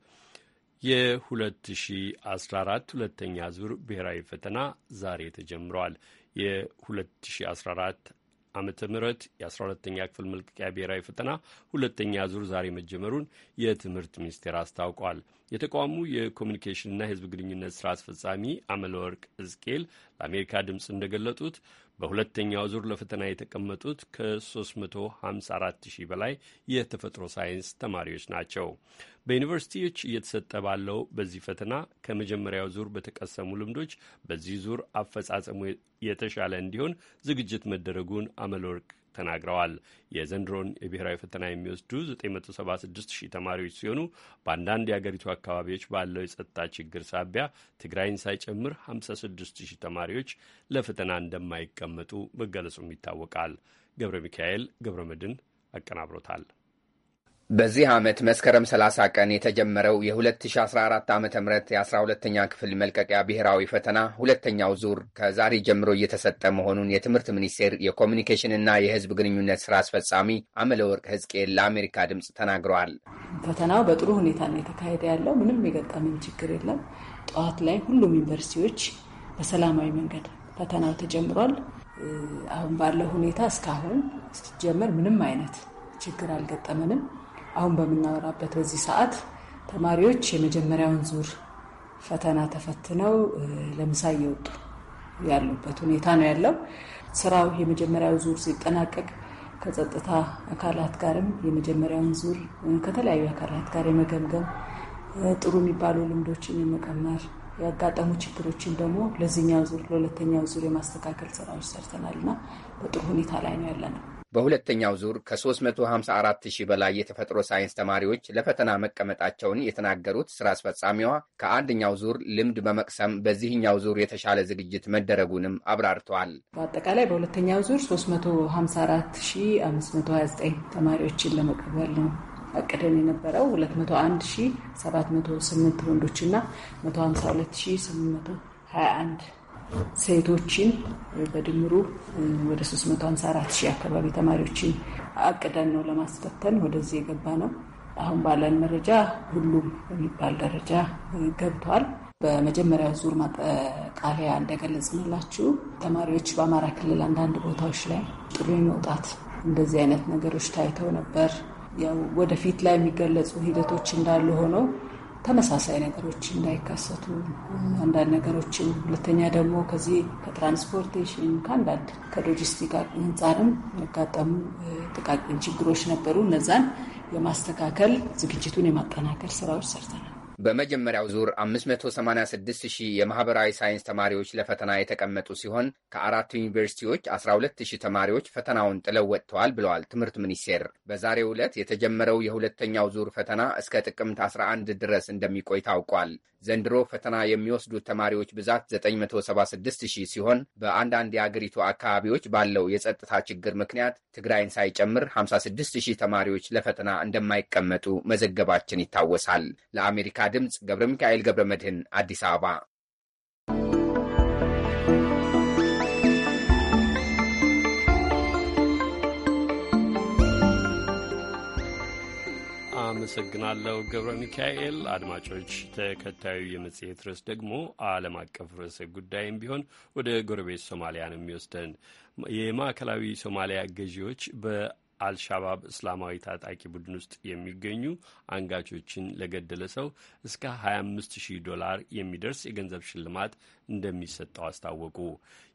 የ2014 ሁለተኛ ዙር ብሔራዊ ፈተና ዛሬ ተጀምሯል። የ2014 ዓመተ ምህረት የ12ተኛ ክፍል መልቀቂያ ብሔራዊ ፈተና ሁለተኛ ዙር ዛሬ መጀመሩን የትምህርት ሚኒስቴር አስታውቋል። የተቋሙ የኮሚኒኬሽንና የሕዝብ ግንኙነት ስራ አስፈጻሚ አመለወርቅ እዝቄል ለአሜሪካ ድምፅ እንደገለጡት በሁለተኛው ዙር ለፈተና የተቀመጡት ከ354 ሺህ በላይ የተፈጥሮ ሳይንስ ተማሪዎች ናቸው። በዩኒቨርሲቲዎች እየተሰጠ ባለው በዚህ ፈተና ከመጀመሪያው ዙር በተቀሰሙ ልምዶች በዚህ ዙር አፈጻጸሙ የተሻለ እንዲሆን ዝግጅት መደረጉን አመለወርቅ ተናግረዋል። የዘንድሮን የብሔራዊ ፈተና የሚወስዱ 976 ሺህ ተማሪዎች ሲሆኑ በአንዳንድ የአገሪቱ አካባቢዎች ባለው የጸጥታ ችግር ሳቢያ ትግራይን ሳይጨምር 56 ሺህ ተማሪዎች ለፈተና እንደማይቀመጡ መገለጹም ይታወቃል። ገብረ ሚካኤል ገብረ መድን አቀናብሮታል።
በዚህ ዓመት መስከረም 30 ቀን የተጀመረው የ2014 ዓ ም የ 12 ተኛ ክፍል መልቀቂያ ብሔራዊ ፈተና ሁለተኛው ዙር ከዛሬ ጀምሮ እየተሰጠ መሆኑን የትምህርት ሚኒስቴር የኮሚኒኬሽንና የሕዝብ ግንኙነት ስራ አስፈጻሚ አመለወርቅ ህዝቅኤል ለአሜሪካ ድምፅ ተናግረዋል።
ፈተናው በጥሩ ሁኔታ ነው የተካሄደ ያለው። ምንም የገጠመን ችግር የለም። ጠዋት ላይ ሁሉም ዩኒቨርሲቲዎች በሰላማዊ መንገድ ፈተናው ተጀምሯል። አሁን ባለው ሁኔታ እስካሁን ሲጀመር ምንም አይነት ችግር አልገጠመንም። አሁን በምናወራበት በዚህ ሰዓት ተማሪዎች የመጀመሪያውን ዙር ፈተና ተፈትነው ለምሳ እየወጡ ያሉበት ሁኔታ ነው ያለው። ስራው የመጀመሪያው ዙር ሲጠናቀቅ ከጸጥታ አካላት ጋርም የመጀመሪያውን ዙር ከተለያዩ አካላት ጋር የመገምገም ጥሩ የሚባሉ ልምዶችን የመቀመር ያጋጠሙ ችግሮችን ደግሞ ለዚህኛው ዙር ለሁለተኛው ዙር የማስተካከል ስራዎች ሰርተናል እና በጥሩ ሁኔታ ላይ ነው ያለ ነው።
በሁለተኛው ዙር ከ354 ሺህ በላይ የተፈጥሮ ሳይንስ ተማሪዎች ለፈተና መቀመጣቸውን የተናገሩት ስራ አስፈጻሚዋ ከአንደኛው ዙር ልምድ በመቅሰም በዚህኛው ዙር የተሻለ ዝግጅት መደረጉንም አብራርተዋል።
በአጠቃላይ በሁለተኛው ዙር 354529 ተማሪዎችን ለመቀበል ነው አቅደን የነበረው 201708 ወንዶችና 152821 ሴቶችን በድምሩ ወደ 354 ሺህ አካባቢ ተማሪዎችን አቅደን ነው ለማስፈተን ወደዚህ የገባ ነው። አሁን ባለን መረጃ ሁሉም በሚባል ደረጃ ገብቷል። በመጀመሪያ ዙር ማጠቃለያ እንደገለጽንላችሁ ተማሪዎች በአማራ ክልል አንዳንድ ቦታዎች ላይ ጥሩ መውጣት እንደዚህ አይነት ነገሮች ታይተው ነበር። ያው ወደፊት ላይ የሚገለጹ ሂደቶች እንዳሉ ሆነው ተመሳሳይ ነገሮች እንዳይካሰቱ አንዳንድ ነገሮችን፣ ሁለተኛ ደግሞ ከዚህ ከትራንስፖርቴሽን ከአንዳንድ ከሎጂስቲክ አንጻርም ያጋጠሙ ጥቃቅን ችግሮች ነበሩ። እነዛን የማስተካከል ዝግጅቱን የማጠናከር ስራዎች ሰርተናል።
በመጀመሪያው ዙር 586 ሺህ የማህበራዊ ሳይንስ ተማሪዎች ለፈተና የተቀመጡ ሲሆን ከአራቱ ዩኒቨርሲቲዎች 12 ሺህ ተማሪዎች ፈተናውን ጥለው ወጥተዋል ብለዋል ትምህርት ሚኒስቴር። በዛሬው ዕለት የተጀመረው የሁለተኛው ዙር ፈተና እስከ ጥቅምት 11 ድረስ እንደሚቆይ ታውቋል። ዘንድሮ ፈተና የሚወስዱ ተማሪዎች ብዛት 976 ሺህ ሲሆን በአንዳንድ የአገሪቱ አካባቢዎች ባለው የጸጥታ ችግር ምክንያት ትግራይን ሳይጨምር 56 ሺህ ተማሪዎች ለፈተና እንደማይቀመጡ መዘገባችን ይታወሳል። ለአሜሪካ ድምፅ ገብረ ሚካኤል ገብረ መድህን አዲስ አበባ
አመሰግናለሁ ገብረ ሚካኤል። አድማጮች፣ ተከታዩ የመጽሔት ርዕስ ደግሞ ዓለም አቀፍ ርዕሰ ጉዳይም ቢሆን ወደ ጎረቤት ሶማሊያ ነው የሚወስደን። የማዕከላዊ ሶማሊያ ገዢዎች በአልሻባብ እስላማዊ ታጣቂ ቡድን ውስጥ የሚገኙ አንጋቾችን ለገደለ ሰው እስከ 25 ሺህ ዶላር የሚደርስ የገንዘብ ሽልማት እንደሚሰጠው አስታወቁ።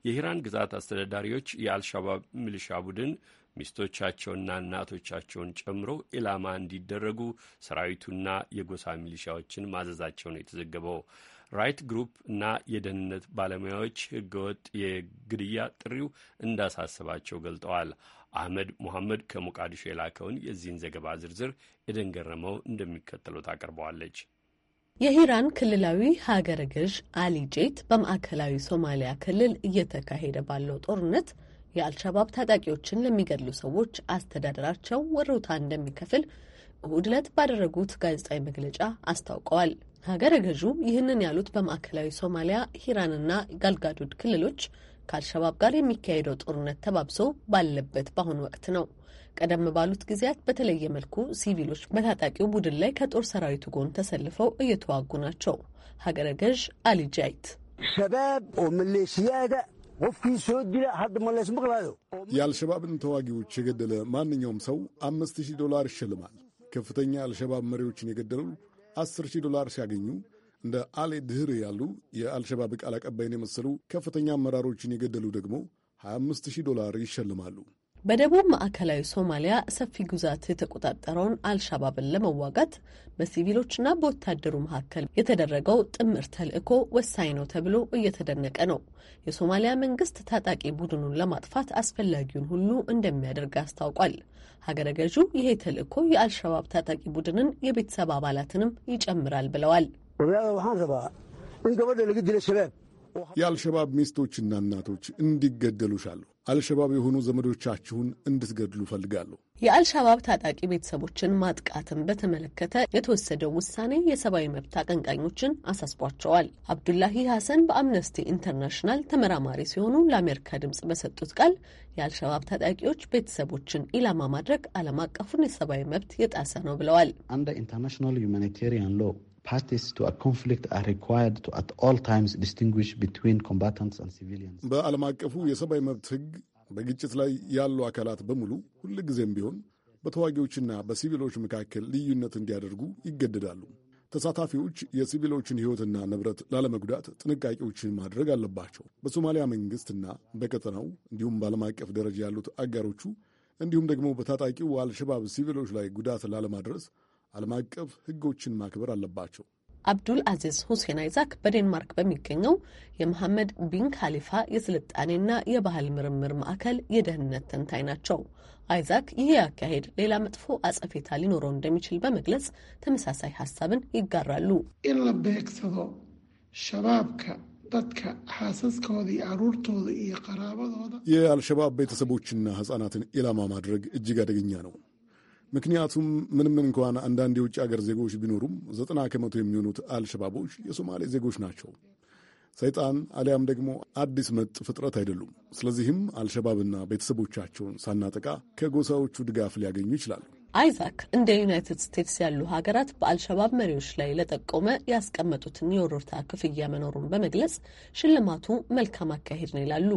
የሂራን ግዛት አስተዳዳሪዎች የአልሻባብ ሚሊሻ ቡድን ሚስቶቻቸውና እናቶቻቸውን ጨምሮ ኢላማ እንዲደረጉ ሰራዊቱና የጎሳ ሚሊሻዎችን ማዘዛቸው ነው የተዘገበው። ራይት ግሩፕ እና የደህንነት ባለሙያዎች ህገወጥ የግድያ ጥሪው እንዳሳሰባቸው ገልጠዋል። አህመድ ሙሐመድ ከሞቃዲሾ የላከውን የዚህን ዘገባ ዝርዝር የደንገረመው ገረመው እንደሚከተለው ታቀርበዋለች።
የኢራን ክልላዊ ሀገረ ገዥ አሊ ጄት በማዕከላዊ ሶማሊያ ክልል እየተካሄደ ባለው ጦርነት የአልሸባብ ታጣቂዎችን ለሚገድሉ ሰዎች አስተዳደራቸው ወሮታ እንደሚከፍል እሁድ ዕለት ባደረጉት ጋዜጣዊ መግለጫ አስታውቀዋል። ሀገረ ገዢ ይህንን ያሉት በማዕከላዊ ሶማሊያ ሂራንና ጋልጋዱድ ክልሎች ከአልሸባብ ጋር የሚካሄደው ጦርነት ተባብሶ ባለበት በአሁኑ ወቅት ነው። ቀደም ባሉት ጊዜያት በተለየ መልኩ ሲቪሎች በታጣቂው ቡድን ላይ ከጦር ሰራዊቱ ጎን ተሰልፈው እየተዋጉ ናቸው። ሀገረ ገዥ አሊጃይት።
ሸባብ ሚሊሽያት የአልሸባብን ተዋጊዎች የገደለ ማንኛውም ሰው አምስት ሺህ ዶላር ይሸልማል። ከፍተኛ የአልሸባብ መሪዎችን የገደሉ አስር ሺህ ዶላር ሲያገኙ እንደ አሌ ድህር ያሉ የአልሸባብ ቃል አቀባይን የመሰሉ ከፍተኛ አመራሮችን የገደሉ ደግሞ 25 ዶላር ይሸልማሉ።
በደቡብ ማዕከላዊ ሶማሊያ ሰፊ ግዛት የተቆጣጠረውን አልሻባብን ለመዋጋት በሲቪሎችና በወታደሩ መካከል የተደረገው ጥምር ተልዕኮ ወሳኝ ነው ተብሎ እየተደነቀ ነው። የሶማሊያ መንግስት ታጣቂ ቡድኑን ለማጥፋት አስፈላጊውን ሁሉ እንደሚያደርግ አስታውቋል። ሀገረ ገዢው ይሄ ተልዕኮ የአልሻባብ ታጣቂ ቡድንን የቤተሰብ አባላትንም ይጨምራል ብለዋል።
የአልሸባብ ሚስቶችና እናቶች እንዲገደሉ አልሸባብ የሆኑ ዘመዶቻችሁን እንድትገድሉ ፈልጋሉ።
የአልሸባብ ታጣቂ ቤተሰቦችን ማጥቃትን በተመለከተ የተወሰደው ውሳኔ የሰብአዊ መብት አቀንቃኞችን አሳስቧቸዋል። አብዱላሂ ሐሰን በአምነስቲ ኢንተርናሽናል ተመራማሪ ሲሆኑ ለአሜሪካ ድምጽ በሰጡት ቃል የአልሸባብ ታጣቂዎች ቤተሰቦችን ኢላማ ማድረግ ዓለም አቀፉን የሰብአዊ መብት የጣሰ ነው ብለዋል።
በዓለም አቀፉ የሰብአዊ መብት ሕግ በግጭት ላይ ያሉ አካላት በሙሉ ጊዜም ቢሆን በተዋጊዎችና በሲቪሎች መካከል ልዩነት እንዲያደርጉ ይገደዳሉ። ተሳታፊዎች የሲቪሎችን ሕይወትና ንብረት ላለመጉዳት ጥንቃቄዎችን ማድረግ አለባቸው። በሶማሊያ መንግሥትና በቀጠናው እንዲሁም በዓለም አቀፍ ደረጃ ያሉት አጋሮቹ እንዲሁም ደግሞ በታጣቂው አልሸባብ ሲቪሎች ላይ ጉዳት ላለማድረስ ዓለም አቀፍ ሕጎችን ማክበር አለባቸው።
አብዱል አዚዝ ሁሴን አይዛክ በዴንማርክ በሚገኘው የመሐመድ ቢን ካሊፋ የስልጣኔና የባህል ምርምር ማዕከል የደህንነት ተንታኝ ናቸው። አይዛክ ይህ አካሄድ ሌላ መጥፎ አጸፌታ ሊኖረው እንደሚችል በመግለጽ ተመሳሳይ ሀሳብን ይጋራሉ።
የአልሸባብ ቤተሰቦችና ህጻናትን ኢላማ ማድረግ እጅግ አደገኛ ነው። ምክንያቱም ምንም እንኳን አንዳንድ የውጭ አገር ዜጎች ቢኖሩም ዘጠና ከመቶ የሚሆኑት አልሸባቦች የሶማሌ ዜጎች ናቸው። ሰይጣን አሊያም ደግሞ አዲስ መጥ ፍጥረት አይደሉም። ስለዚህም አልሸባብና ቤተሰቦቻቸውን ሳናጠቃ ከጎሳዎቹ ድጋፍ ሊያገኙ ይችላሉ።
አይዛክ እንደ ዩናይትድ ስቴትስ ያሉ ሀገራት በአልሸባብ መሪዎች ላይ ለጠቆመ ያስቀመጡትን የወሮታ ክፍያ መኖሩን በመግለጽ ሽልማቱ መልካም አካሄድ ነው ይላሉ።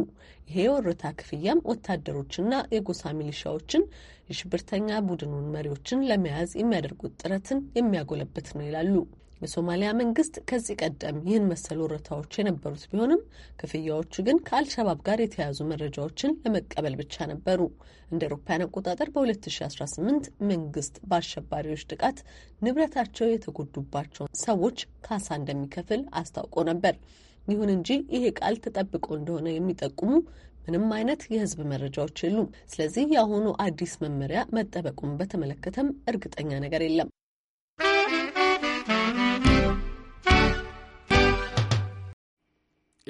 ይሄ የወሮታ ክፍያም ወታደሮችና የጎሳ ሚሊሻዎችን የሽብርተኛ ቡድኑን መሪዎችን ለመያዝ የሚያደርጉት ጥረትን የሚያጎለብት ነው ይላሉ። የሶማሊያ መንግስት ከዚህ ቀደም ይህን መሰል ወረታዎች የነበሩት ቢሆንም ክፍያዎቹ ግን ከአልሸባብ ጋር የተያያዙ መረጃዎችን ለመቀበል ብቻ ነበሩ። እንደ አውሮፓውያን አቆጣጠር በ2018 መንግስት በአሸባሪዎች ጥቃት ንብረታቸው የተጎዱባቸውን ሰዎች ካሳ እንደሚከፍል አስታውቆ ነበር። ይሁን እንጂ ይሄ ቃል ተጠብቆ እንደሆነ የሚጠቁሙ ምንም አይነት የህዝብ መረጃዎች የሉም። ስለዚህ የአሁኑ አዲስ መመሪያ መጠበቁን በተመለከተም እርግጠኛ ነገር የለም።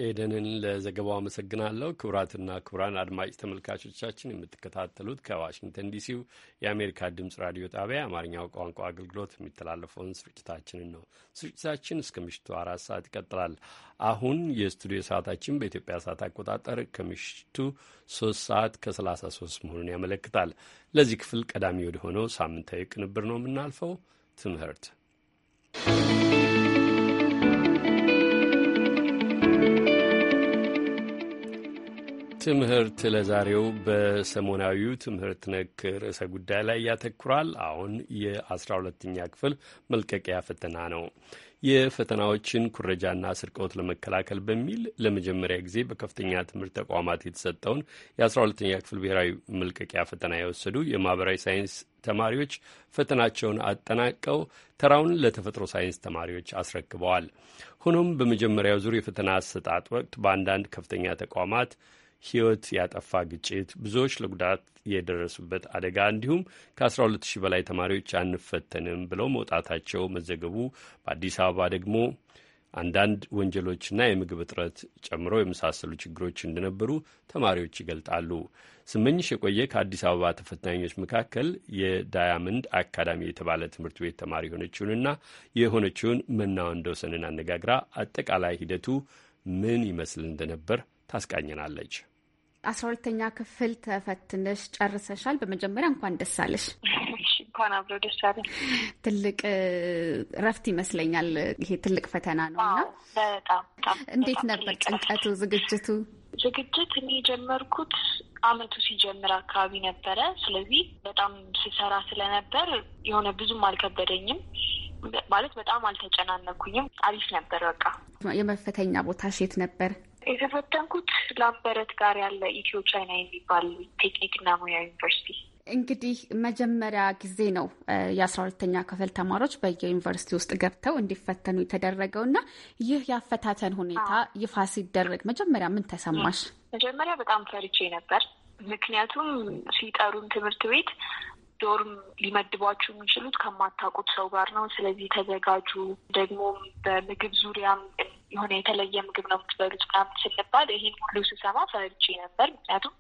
ኤደንን ለዘገባው አመሰግናለሁ። ክቡራትና ክቡራን አድማጭ ተመልካቾቻችን የምትከታተሉት ከዋሽንግተን ዲሲው የአሜሪካ ድምጽ ራዲዮ ጣቢያ አማርኛው ቋንቋ አገልግሎት የሚተላለፈውን ስርጭታችንን ነው። ስርጭታችን እስከ ምሽቱ አራት ሰዓት ይቀጥላል። አሁን የስቱዲዮ ሰዓታችን በኢትዮጵያ ሰዓት አቆጣጠር ከምሽቱ ሶስት ሰዓት ከሰላሳ ሶስት መሆኑን ያመለክታል። ለዚህ ክፍል ቀዳሚ ወደሆነው ሳምንታዊ ቅንብር ነው የምናልፈው ትምህርት ትምህርት ለዛሬው በሰሞናዊው ትምህርት ነክ ርዕሰ ጉዳይ ላይ ያተኩራል። አሁን የአስራ ሁለተኛ ክፍል መልቀቂያ ፈተና ነው። የፈተናዎችን ኩረጃና ስርቆት ለመከላከል በሚል ለመጀመሪያ ጊዜ በከፍተኛ ትምህርት ተቋማት የተሰጠውን የአስራ ሁለተኛ ክፍል ብሔራዊ መልቀቂያ ፈተና የወሰዱ የማህበራዊ ሳይንስ ተማሪዎች ፈተናቸውን አጠናቀው ተራውን ለተፈጥሮ ሳይንስ ተማሪዎች አስረክበዋል። ሆኖም በመጀመሪያው ዙር የፈተና አሰጣጥ ወቅት በአንዳንድ ከፍተኛ ተቋማት ሕይወት ያጠፋ ግጭት፣ ብዙዎች ለጉዳት የደረሱበት አደጋ እንዲሁም ከ12 ሺህ በላይ ተማሪዎች አንፈተንም ብለው መውጣታቸው መዘገቡ በአዲስ አበባ ደግሞ አንዳንድ ወንጀሎችና የምግብ እጥረት ጨምሮ የመሳሰሉ ችግሮች እንደነበሩ ተማሪዎች ይገልጣሉ። ስመኝሽ የቆየ ከአዲስ አበባ ተፈታኞች መካከል የዳያመንድ አካዳሚ የተባለ ትምህርት ቤት ተማሪ የሆነችውንና የሆነችውን መና ወንደውሰንን አነጋግራ አጠቃላይ ሂደቱ ምን ይመስል እንደነበር
ታስቃኘናለች። አስራ ሁለተኛ ክፍል ተፈትነሽ ጨርሰሻል። በመጀመሪያ እንኳን ደስ አለሽ።
እንኳን አብሮ ደስ አለሽ።
ትልቅ እረፍት ይመስለኛል። ይሄ ትልቅ ፈተና ነው
እና በጣም
እንዴት ነበር ጭንቀቱ፣ ዝግጅቱ?
ዝግጅት እኔ የጀመርኩት አመቱ ሲጀምር አካባቢ ነበረ። ስለዚህ በጣም ስሰራ ስለነበር የሆነ ብዙም አልከበደኝም ማለት በጣም አልተጨናነኩኝም። አሪፍ ነበር። በቃ
የመፈተኛ ቦታ ሴት ነበር?
የተፈተንኩት ላምበረት ጋር ያለ ኢትዮ ቻይና የሚባል ቴክኒክና ሙያ ዩኒቨርሲቲ።
እንግዲህ መጀመሪያ ጊዜ ነው የአስራ ሁለተኛ ክፍል ተማሪዎች በየዩኒቨርሲቲ ውስጥ ገብተው እንዲፈተኑ የተደረገው እና ይህ ያፈታተን ሁኔታ ይፋ ሲደረግ መጀመሪያ ምን ተሰማሽ?
መጀመሪያ በጣም ፈርቼ ነበር። ምክንያቱም ሲጠሩን ትምህርት ቤት ዶርም ሊመድቧችሁ የሚችሉት ከማታውቁት ሰው ጋር ነው። ስለዚህ ተዘጋጁ። ደግሞ በምግብ ዙሪያም የሆነ የተለየ ምግብ ነው የምትበሉት ምናምን ስንባል ይሄን ሁሉ ስሰማ ፈርቼ ነበር። ምክንያቱም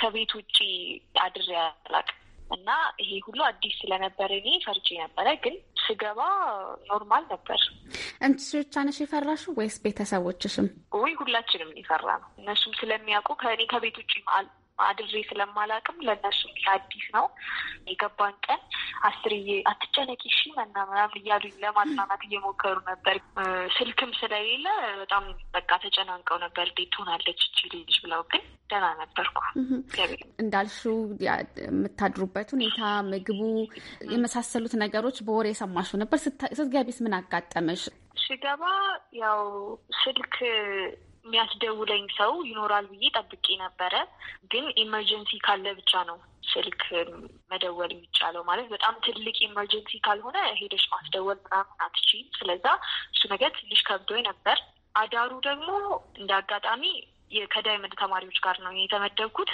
ከቤት ውጭ አድሬ አላውቅም እና ይሄ ሁሉ አዲስ ስለነበር እኔ ፈርቼ ነበረ። ግን ስገባ ኖርማል ነበር።
እንትሶች አነሽ የፈራሹ ወይስ ቤተሰቦችሽም?
ወይ ሁላችንም የፈራ ነው። እነሱም ስለሚያውቁ ከእኔ ከቤት ውጭ አድሬ ስለማላቅም ለእነሱ አዲስ ነው። የገባን ቀን አስርዬ አትጨነቂ ሺ ምናምን እያሉኝ ለማጽናናት እየሞከሩ ነበር። ስልክም ስለሌለ በጣም በቃ ተጨናንቀው ነበር። እንዴት ትሆናለች እች ልጅ ብለው ግን ደህና ነበርኩ።
እንዳልሹ የምታድሩበት ሁኔታ፣ ምግቡ፣ የመሳሰሉት ነገሮች በወሬ የሰማሽው ነበር። ስትገቢስ ምን አጋጠመሽ?
ስገባ ያው ስልክ የሚያስደውለኝ ሰው ይኖራል ብዬ ጠብቄ ነበረ። ግን ኢመርጀንሲ ካለ ብቻ ነው ስልክ መደወል የሚቻለው። ማለት በጣም ትልቅ ኢመርጀንሲ ካልሆነ ሄደሽ ማስደወል ምናምን አትችይም። ስለዛ እሱ ነገር ትንሽ ከብዶኝ ነበር። አዳሩ ደግሞ እንደ አጋጣሚ ከዳይመንድ ተማሪዎች ጋር ነው የተመደብኩት።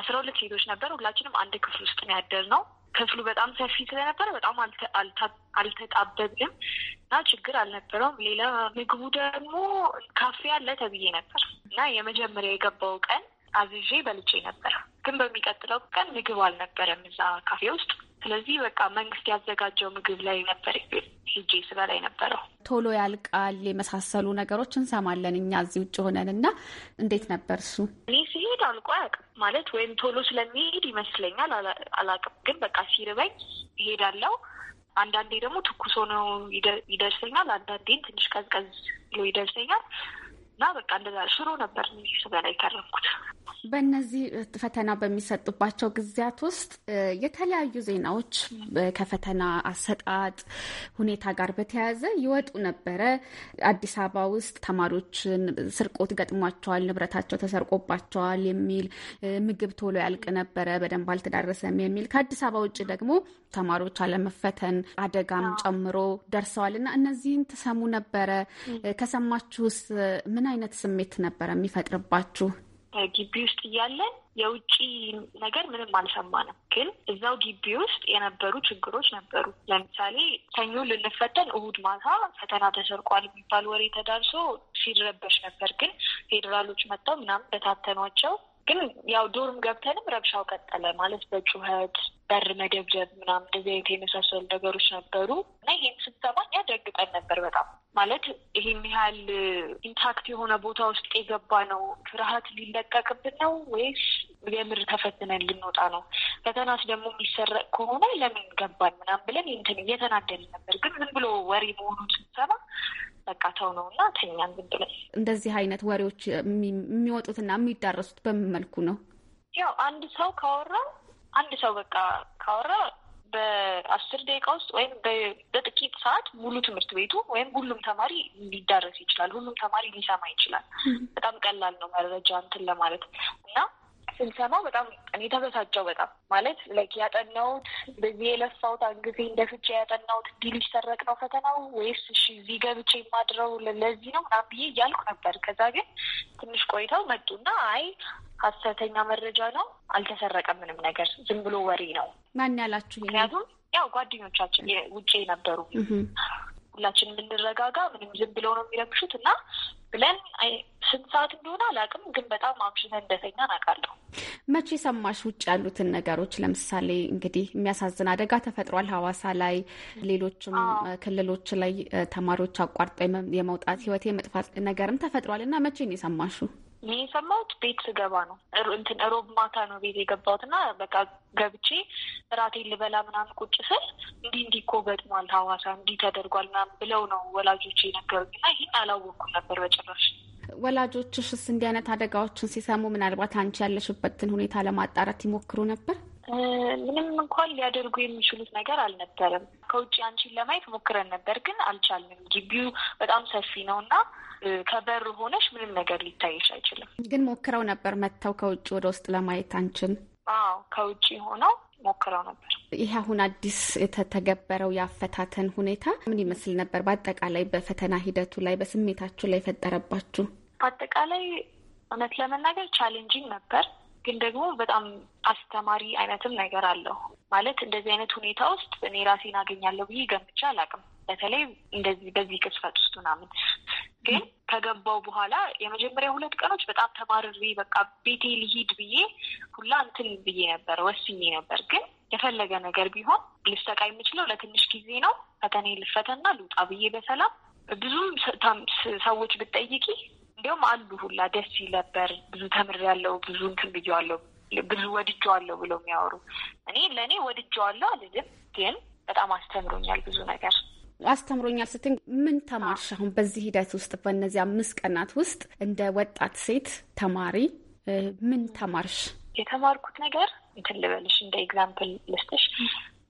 አስራ ሁለት ሴቶች ነበር። ሁላችንም አንድ ክፍል ውስጥ ነው ያደር ነው። ክፍሉ በጣም ሰፊ ስለነበረ በጣም አልተጣበብንም እና ችግር አልነበረውም። ሌላ ምግቡ ደግሞ ካፌ አለ ተብዬ ነበር እና የመጀመሪያ የገባው ቀን አዝዤ በልቼ ነበር። ግን በሚቀጥለው ቀን ምግብ አልነበረም እዛ ካፌ ውስጥ። ስለዚህ በቃ መንግስት ያዘጋጀው ምግብ ላይ ነበር ሄጄ ስበላይ ነበረው።
ቶሎ ያልቃል የመሳሰሉ ነገሮች እንሰማለን እኛ እዚህ ውጭ ሆነን እና እንዴት ነበር እሱ?
እኔ ሲሄድ አልቆ አያውቅም ማለት ወይም ቶሎ ስለሚሄድ ይመስለኛል አላውቅም። ግን በቃ ሲርበኝ እሄዳለሁ። አንዳንዴ ደግሞ ትኩስ ሆኖ ይደርሰኛል። አንዳንዴን ትንሽ ቀዝቀዝ ብሎ ይደርሰኛል እና በቃ እንደዛ ሽሮ ነበር ስበላይ
ከረምኩት። በእነዚህ ፈተና በሚሰጡባቸው ጊዜያት ውስጥ የተለያዩ ዜናዎች ከፈተና አሰጣጥ ሁኔታ ጋር በተያያዘ ይወጡ ነበረ። አዲስ አበባ ውስጥ ተማሪዎችን ስርቆት ገጥሟቸዋል፣ ንብረታቸው ተሰርቆባቸዋል የሚል ምግብ ቶሎ ያልቅ ነበረ፣ በደንብ አልተዳረሰም የሚል ከአዲስ አበባ ውጭ ደግሞ ተማሪዎች አለመፈተን አደጋም ጨምሮ ደርሰዋል እና እነዚህን ትሰሙ ነበረ። ከሰማችሁስ ምን አይነት ስሜት ነበረ የሚፈጥርባችሁ?
ግቢ ውስጥ እያለን የውጭ ነገር ምንም አልሰማንም፣ ግን እዛው ግቢ ውስጥ የነበሩ ችግሮች ነበሩ። ለምሳሌ ሰኞ ልንፈተን እሁድ ማታ ፈተና ተሰርቋል የሚባል ወሬ ተዳርሶ ሲረበሽ ነበር። ግን ፌዴራሎች መጥተው ምናምን በታተኗቸው ግን ያው ዶርም ገብተንም ረብሻው ቀጠለ ማለት በጩኸት በር መደብደብ ምናምን እንደዚህ አይነት የመሳሰሉ ነገሮች ነበሩ እና ይህን ስንሰማ እኛ ደግጠን ነበር በጣም ማለት ይህን ያህል ኢንታክት የሆነ ቦታ ውስጥ የገባ ነው ፍርሃት ሊለቀቅብን ነው ወይስ የምር ተፈትነን ልንወጣ ነው? ፈተናስ ደግሞ የሚሰረቅ ከሆነ ለምን ገባን ምናምን ብለን እንትን እየተናደን ነበር። ግን ዝም ብሎ ወሬ መሆኑን ስንሰማ በቃ ተው ነው እና ተኛን ዝም
እንደዚህ አይነት ወሬዎች የሚወጡትና የሚዳረሱት በምን መልኩ ነው?
ያው አንድ ሰው ካወራ አንድ ሰው በቃ ካወራ በአስር ደቂቃ ውስጥ ወይም በጥቂት ሰዓት ሙሉ ትምህርት ቤቱ ወይም ሁሉም ተማሪ ሊዳረስ ይችላል። ሁሉም ተማሪ ሊሰማ ይችላል። በጣም ቀላል ነው መረጃ እንትን ለማለት እና ስንሰማው በጣም እኔ ተበሳጨው። በጣም ማለት ላይክ ያጠናውት በዚህ የለፋውት አንግዜ እንደፍቼ ያጠናሁት እንዲል ይሰረቅ ነው ፈተናው ወይስ እሺ እዚህ ገብቼ የማድረው ለዚህ ነው ምናምን ብዬ እያልኩ ነበር። ከዛ ግን ትንሽ ቆይተው መጡና አይ ሀሰተኛ መረጃ ነው፣ አልተሰረቀም፣ ምንም ነገር ዝም ብሎ ወሬ ነው።
ማን ያላችሁ?
ምክንያቱም ያው ጓደኞቻችን ውጭ ነበሩ። ሁላችን የምንረጋጋ ምንም ዝም ብለው ነው የሚረብሹት እና ብለን ስንት ሰዓት እንደሆነ አላውቅም፣ ግን በጣም አምሽነ እንደተኛ
አውቃለሁ። መቼ ሰማሽ ውጭ ያሉትን ነገሮች? ለምሳሌ እንግዲህ የሚያሳዝን አደጋ ተፈጥሯል ሐዋሳ ላይ፣ ሌሎችም ክልሎች ላይ ተማሪዎች አቋርጠው የመውጣት ህይወት የመጥፋት ነገርም ተፈጥሯል እና መቼ ነው የሰማሹ?
ይህ የሰማሁት ቤት ስገባ ነው። እንትን ሮብ ማታ ነው ቤት የገባሁት እና በቃ ገብቼ እራቴን ልበላ ምናምን ቁጭ ስል እንዲህ እንዲህ እኮ ገጥሟል፣ ሐዋሳ እንዲህ ተደርጓል ምናምን ብለው ነው ወላጆች የነገሩኝ እና ይህን አላወቅኩም ነበር በጭራሽ።
ወላጆችሽስ እንዲህ አይነት አደጋዎችን ሲሰሙ ምናልባት አንቺ ያለሽበትን ሁኔታ ለማጣራት ይሞክሩ ነበር?
ምንም እንኳን ሊያደርጉ የሚችሉት ነገር አልነበረም። ከውጭ አንቺን ለማየት ሞክረን ነበር ግን አልቻልንም። ግቢው በጣም ሰፊ ነው እና ከበር ሆነሽ ምንም ነገር ሊታይሽ አይችልም።
ግን ሞክረው ነበር መጥተው ከውጭ ወደ ውስጥ ለማየት አንችን።
አዎ ከውጭ ሆነው ሞክረው
ነበር። ይህ አሁን አዲስ የተተገበረው የአፈታተን ሁኔታ ምን ይመስል ነበር? በአጠቃላይ በፈተና ሂደቱ ላይ በስሜታችሁ ላይ የፈጠረባችሁ
በአጠቃላይ እውነት ለመናገር ቻሌንጂንግ ነበር፣ ግን ደግሞ በጣም አስተማሪ አይነትም ነገር አለው። ማለት እንደዚህ አይነት ሁኔታ ውስጥ እኔ ራሴን አገኛለሁ ብዬ ገምቼ አላውቅም። በተለይ እንደዚህ በዚህ ቅስፈት ውስጥ ምናምን ግን ከገባው በኋላ የመጀመሪያ ሁለት ቀኖች በጣም ተማርሪ በቃ ቤቴ ልሂድ ብዬ ሁላ እንትን ብዬ ነበር ወስኜ ነበር። ግን የፈለገ ነገር ቢሆን ልሰቃ የምችለው ለትንሽ ጊዜ ነው፣ ፈተኔ ልፈተና ልውጣ ብዬ በሰላም ብዙም ሰዎች ብጠይቂ እንዲሁም አሉ ሁላ ደስ ይል ነበር ብዙ ተምሬያለሁ፣ ብዙ እንትን ብዬዋለሁ፣ ብዙ ወድጄዋለሁ ብለው የሚያወሩ እኔ ለእኔ አለው አልልም፣ ግን በጣም አስተምሮኛል ብዙ ነገር
አስተምሮኛል ስትል ምን ተማርሽ? አሁን በዚህ ሂደት ውስጥ በእነዚህ አምስት ቀናት ውስጥ እንደ ወጣት ሴት ተማሪ ምን ተማርሽ?
የተማርኩት ነገር እንትን ልበልሽ፣ እንደ ኤግዛምፕል ልስጥሽ።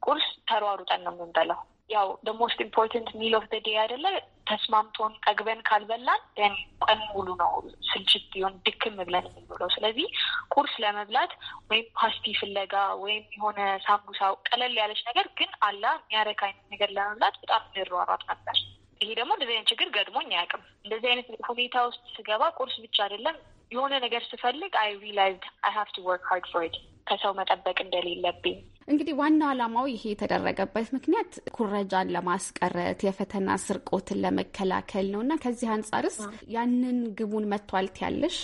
ቁርስ ተሯሩጠን ነው የምንበላው ያው ሞስት ኢምፖርተንት ሚል ኦፍ ዴ አይደለ ተስማምቶን ጠግበን ካልበላን ደን ቀን ሙሉ ነው ስልችት ቢሆን ድክም ብለን የምንውለው። ስለዚህ ቁርስ ለመብላት ወይም ፓስቲ ፍለጋ ወይም የሆነ ሳምቡሳ ቀለል ያለች ነገር ግን አላ የሚያረካ አይነት ነገር ለመብላት በጣም እንሯሯጥ ነበር። ይሄ ደግሞ እንደዚህ አይነት ችግር ገድሞኝ አያውቅም። እንደዚህ አይነት ሁኔታ ውስጥ ስገባ ቁርስ ብቻ አይደለም የሆነ ነገር ስፈልግ አይ ሪላይዝድ አይ ሀቭ ቱ ወርክ ሀርድ ፎር ኢት ከሰው መጠበቅ እንደሌለብኝ
እንግዲህ ዋናው ዓላማው ይሄ የተደረገበት ምክንያት ኩረጃን ለማስቀረት የፈተና ስርቆትን ለመከላከል ነው እና ከዚህ አንጻርስ ያንን ግቡን መቷልት ያለሽ?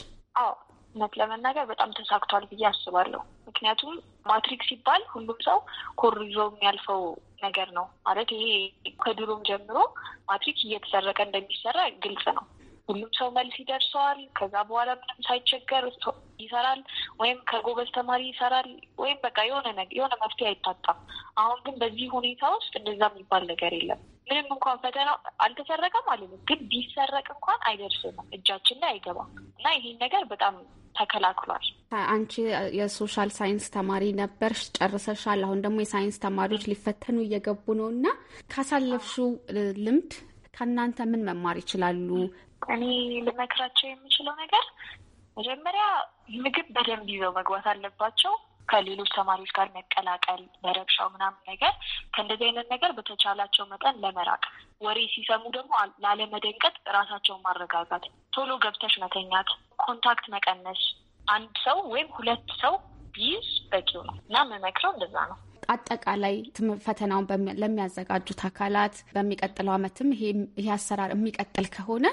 አዎ እውነት ለመናገር በጣም ተሳክቷል ብዬ አስባለሁ። ምክንያቱም ማትሪክ ሲባል ሁሉም ሰው ኮርጆ የሚያልፈው ነገር ነው ማለት ይሄ ከድሮም ጀምሮ ማትሪክ እየተሰረቀ እንደሚሰራ ግልጽ ነው። ሁሉም ሰው መልስ ይደርሰዋል። ከዛ በኋላ ምንም ሳይቸገር ይሰራል፣ ወይም ከጎበዝ ተማሪ ይሰራል፣ ወይም በቃ የሆነ ነገር የሆነ መፍትሄ አይታጣም። አሁን ግን በዚህ ሁኔታ ውስጥ እንደዛ የሚባል ነገር የለም። ምንም እንኳን ፈተናው አልተሰረቀም ነው ግን ቢሰረቅ እንኳን አይደርስም፣ እጃችን ላይ አይገባም እና ይሄን ነገር በጣም ተከላክሏል።
አንቺ የሶሻል ሳይንስ ተማሪ ነበርሽ፣ ጨርሰሻል። አሁን ደግሞ የሳይንስ ተማሪዎች ሊፈተኑ እየገቡ ነው እና ካሳለፍሽው ልምድ ከእናንተ ምን መማር ይችላሉ? እኔ ልመክራቸው የምችለው ነገር መጀመሪያ
ምግብ በደንብ ይዘው መግባት አለባቸው። ከሌሎች ተማሪዎች ጋር መቀላቀል፣ በረብሻው ምናምን ነገር ከእንደዚህ አይነት ነገር በተቻላቸው መጠን ለመራቅ፣ ወሬ ሲሰሙ ደግሞ ላለመደንቀጥ፣ ራሳቸውን ማረጋጋት፣ ቶሎ ገብተሽ መተኛት፣ ኮንታክት መቀነስ። አንድ ሰው ወይም ሁለት ሰው ቢይዝ በቂው ነው እና የምመክረው እንደዛ ነው።
አጠቃላይ ፈተናውን ለሚያዘጋጁት አካላት በሚቀጥለው ዓመትም ይሄ አሰራር የሚቀጥል ከሆነ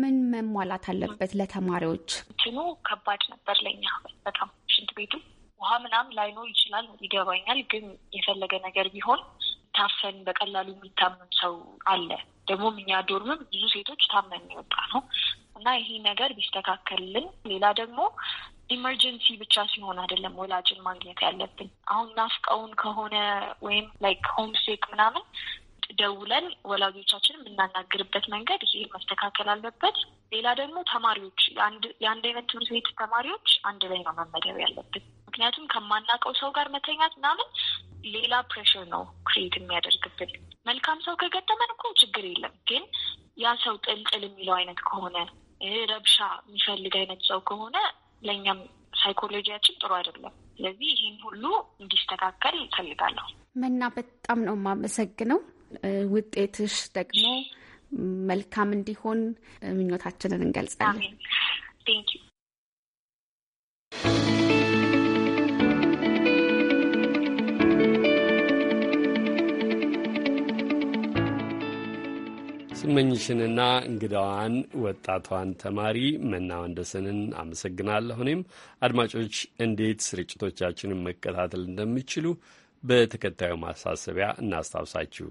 ምን መሟላት አለበት? ለተማሪዎች
እንትኑ ከባድ ነበር ለኛ በጣም ሽንት ቤቱ ውሃ ምናምን ላይኖር ይችላል ይገባኛል። ግን የፈለገ ነገር ቢሆን ታፈን በቀላሉ የሚታመም ሰው አለ። ደግሞ እኛ ዶርምም ብዙ ሴቶች ታመን የወጣ ነው እና ይሄ ነገር ቢስተካከልልን። ሌላ ደግሞ ኢመርጀንሲ ብቻ ሲሆን አይደለም ወላጅን ማግኘት ያለብን። አሁን ናፍቀውን ከሆነ ወይም ላይክ ሆምሴክ ምናምን ደውለን ወላጆቻችን የምናናግርበት መንገድ ይሄ መስተካከል አለበት። ሌላ ደግሞ ተማሪዎች የአንድ አይነት ትምህርት ቤት ተማሪዎች አንድ ላይ ነው መመደብ ያለብን። ምክንያቱም ከማናውቀው ሰው ጋር መተኛት ምናምን ሌላ ፕሬሽር ነው ክሬት የሚያደርግብን። መልካም ሰው ከገጠመን እኮ ችግር የለም። ግን ያ ሰው ጥልጥል የሚለው አይነት ከሆነ ረብሻ የሚፈልግ አይነት ሰው ከሆነ ለእኛም ሳይኮሎጂያችን ጥሩ አይደለም። ስለዚህ ይህን ሁሉ እንዲስተካከል ይፈልጋለሁ።
መና በጣም ነው የማመሰግነው። ውጤትሽ ደግሞ መልካም እንዲሆን ምኞታችንን እንገልጻለን።
ስመኝሽንና እንግዳዋን ወጣቷን ተማሪ መና ወንደሰንን አመሰግናለሁ። እኔም አድማጮች እንዴት ስርጭቶቻችንን መከታተል እንደሚችሉ በተከታዩ ማሳሰቢያ እናስታውሳችሁ።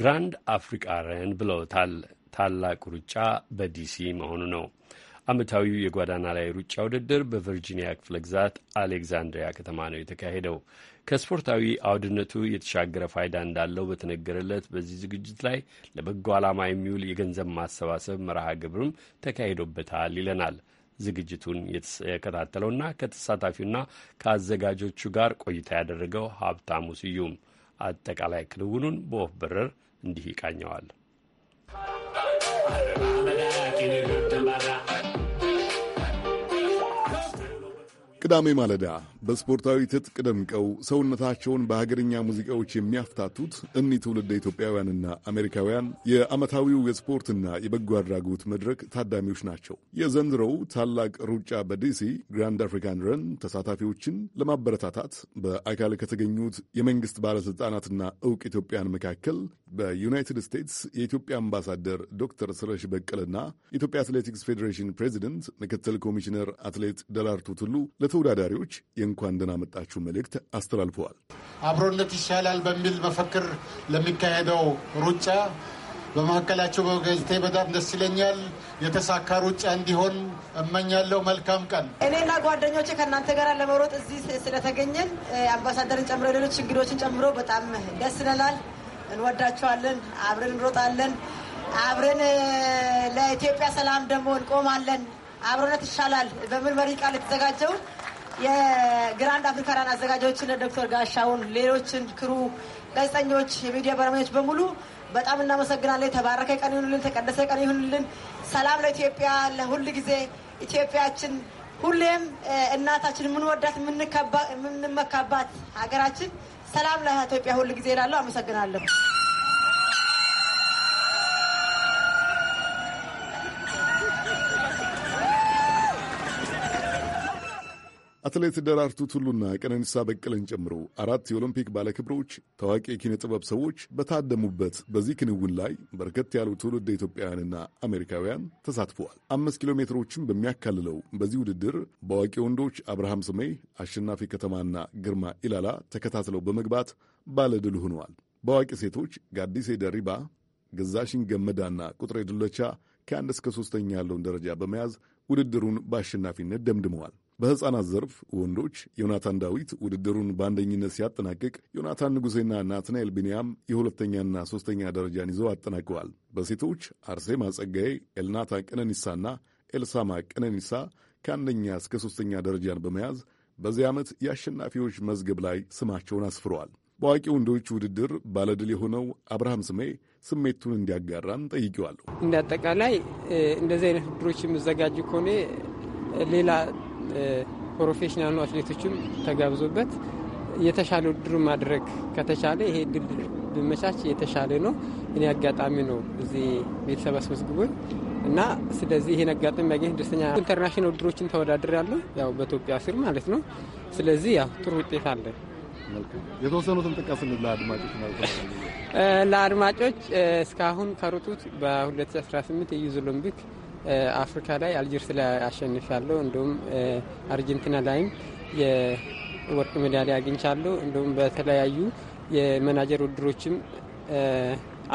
ግራንድ አፍሪቃ ረን ብለውታል። ታላቁ ሩጫ በዲሲ መሆኑ ነው። ዓመታዊው የጓዳና ላይ ሩጫ ውድድር በቨርጂኒያ ክፍለ ግዛት አሌግዛንድሪያ ከተማ ነው የተካሄደው። ከስፖርታዊ አውድነቱ የተሻገረ ፋይዳ እንዳለው በተነገረለት በዚህ ዝግጅት ላይ ለበጎ ዓላማ የሚውል የገንዘብ ማሰባሰብ መርሃ ግብርም ተካሂዶበታል ይለናል። ዝግጅቱን የተከታተለውና ከተሳታፊውና ከአዘጋጆቹ ጋር ቆይታ ያደረገው ሀብታሙ ስዩም አጠቃላይ ክንውኑን በወፍ በረር እንዲህ ይቃኘዋል።
ቅዳሜ ማለዳ በስፖርታዊ ትጥቅ ደምቀው ሰውነታቸውን በሀገርኛ ሙዚቃዎች የሚያፍታቱት እኒህ ትውልደ ኢትዮጵያውያንና አሜሪካውያን የዓመታዊው የስፖርትና የበጎ አድራጎት መድረክ ታዳሚዎች ናቸው። የዘንድሮው ታላቅ ሩጫ በዲሲ ግራንድ አፍሪካን ረን ተሳታፊዎችን ለማበረታታት በአካል ከተገኙት የመንግስት ባለሥልጣናትና እውቅ ኢትዮጵያን መካከል በዩናይትድ ስቴትስ የኢትዮጵያ አምባሳደር ዶክተር ስለሽ በቀለና የኢትዮጵያ አትሌቲክስ ፌዴሬሽን ፕሬዚደንት ምክትል ኮሚሽነር አትሌት ደራርቱ ቱሉ ለተወዳዳሪዎች እንኳን ደህና መጣችሁ መልእክት አስተላልፈዋል።
አብሮነት ይሻላል በሚል መፈክር ለሚካሄደው ሩጫ በመካከላቸው በገዝቴ በጣም ደስ ይለኛል። የተሳካ ሩጫ እንዲሆን እመኛለሁ። መልካም
ቀን።
እኔና ጓደኞቼ ከእናንተ ጋር ለመሮጥ እዚህ ስለተገኘን አምባሳደርን ጨምሮ ሌሎች እንግዶችን ጨምሮ በጣም ደስ ይለናል። እንወዳቸዋለን። አብረን እንሮጣለን። አብረን ለኢትዮጵያ ሰላም ደግሞ እንቆማለን። አብሮነት ይሻላል በምን መሪ ቃል የተዘጋጀው የግራንድ አፍሪካራን አዘጋጆችን ዶክተር ጋሻውን፣ ሌሎችን ክሩ፣ ጋዜጠኞች፣ የሚዲያ ባለሙያዎች በሙሉ በጣም እናመሰግናለን። የተባረከ ቀን ይሁንልን፣ ተቀደሰ ቀን ይሁንልን። ሰላም ለኢትዮጵያ ለሁል ጊዜ ኢትዮጵያችን ሁሌም እናታችን የምንወዳት የምንመካባት ሀገራችን ሰላም ለኢትዮጵያ ሁል ጊዜ እላለሁ። አመሰግናለሁ።
አትሌት ደራርቱ ቱሉና ቀነኒሳ በቀለን ጨምሮ አራት የኦሎምፒክ ባለክብሮች ታዋቂ የኪነ ጥበብ ሰዎች በታደሙበት በዚህ ክንውን ላይ በርከት ያሉ ትውልድ ኢትዮጵያውያንና አሜሪካውያን ተሳትፈዋል። አምስት ኪሎ ሜትሮችን በሚያካልለው በዚህ ውድድር በአዋቂ ወንዶች አብርሃም ስሜ፣ አሸናፊ ከተማና ግርማ ኢላላ ተከታትለው በመግባት ባለድል ሆነዋል። በአዋቂ ሴቶች ጋዲሴ ደሪባ፣ ገዛሽን ገመዳና ቁጥሬ ዱለቻ ከአንድ እስከ ሦስተኛ ያለውን ደረጃ በመያዝ ውድድሩን በአሸናፊነት ደምድመዋል። በሕፃናት ዘርፍ ወንዶች ዮናታን ዳዊት ውድድሩን በአንደኝነት ሲያጠናቅቅ፣ ዮናታን ንጉሴና ናትናኤል ቢንያም የሁለተኛና ሦስተኛ ደረጃን ይዘው አጠናቀዋል። በሴቶች አርሴማ ጸጋዬ፣ ኤልናታ ቀነኒሳና ኤልሳማ ቀነኒሳ ከአንደኛ እስከ ሦስተኛ ደረጃን በመያዝ በዚህ ዓመት የአሸናፊዎች መዝገብ ላይ ስማቸውን አስፍረዋል። በአዋቂ ወንዶች ውድድር ባለድል የሆነው አብርሃም ስሜ ስሜቱን እንዲያጋራን ጠይቄዋለሁ።
እንደ አጠቃላይ እንደዚህ አይነት ውድድሮች የሚዘጋጁ ከሆነ ሌላ ፕሮፌሽናሉ አትሌቶችም ተጋብዞበት የተሻለ ውድድሩ ማድረግ ከተቻለ ይሄ ድል ብመቻች የተሻለ ነው። እኔ አጋጣሚ ነው እዚህ ቤተሰብ አስመዝግቦኝ እና ስለዚህ ይሄን አጋጣሚ ያገኝ ደስተኛ ኢንተርናሽናል ውድድሮችን ተወዳድር ያለው ያው በኢትዮጵያ ስር ማለት ነው። ስለዚህ ያው ጥሩ ውጤት አለ። የተወሰኑትን ጥቀስ ለአድማጮች ማለት ለአድማጮች እስካሁን ከሩጡት በ2018 የዩዝ ኦሎምፒክ አፍሪካ ላይ አልጀርስ ላይ አሸንፊያለሁ። እንዲሁም አርጀንቲና ላይም የወርቅ ሜዳሊያ አግኝቻለሁ። እንዲሁም በተለያዩ የመናጀር ውድድሮችም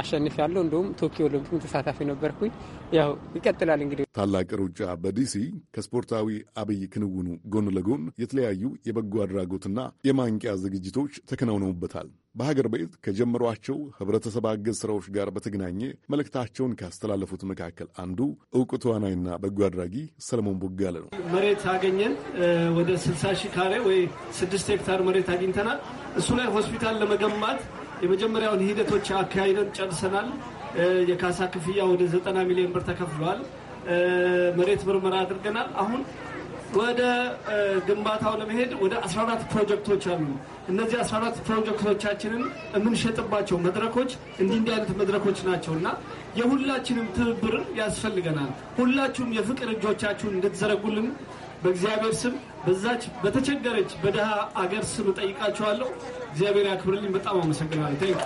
አሸንፊያለሁ። እንዲሁም ቶኪዮ ኦሎምፒክ ተሳታፊ ነበርኩኝ። ያው ይቀጥላል እንግዲህ።
ታላቅ ሩጫ በዲሲ ከስፖርታዊ አብይ ክንውኑ ጎን ለጎን የተለያዩ የበጎ አድራጎትና የማንቂያ ዝግጅቶች ተከናውነውበታል። በሀገር ቤት ከጀመሯቸው ህብረተሰብ አገዝ ስራዎች ጋር በተገናኘ መልእክታቸውን ካስተላለፉት መካከል አንዱ እውቅ ተዋናይና በጎ አድራጊ ሰለሞን ቦጋለ ነው።
መሬት
አገኘን። ወደ 60 ሺህ ካሬ ወይ 6 ሄክታር መሬት አግኝተናል። እሱ ላይ ሆስፒታል ለመገንባት የመጀመሪያውን ሂደቶች አካሂደን ጨርሰናል። የካሳ ክፍያ ወደ 90 ሚሊዮን ብር ተከፍሏል። መሬት ምርመራ አድርገናል። አሁን ወደ ግንባታው ለመሄድ ወደ 14 ፕሮጀክቶች አሉ። እነዚህ 14
ፕሮጀክቶቻችንን የምንሸጥባቸው መድረኮች እንዲህ እንዲህ አይነት መድረኮች ናቸው እና
የሁላችንም ትብብር ያስፈልገናል። ሁላችሁም የፍቅር እጆቻችሁን እንድትዘረጉልን በእግዚአብሔር ስም በዛች በተቸገረች በድሃ አገር ስም እጠይቃችኋለሁ። እግዚአብሔር ያክብርልኝ። በጣም አመሰግናለሁ። ታንክ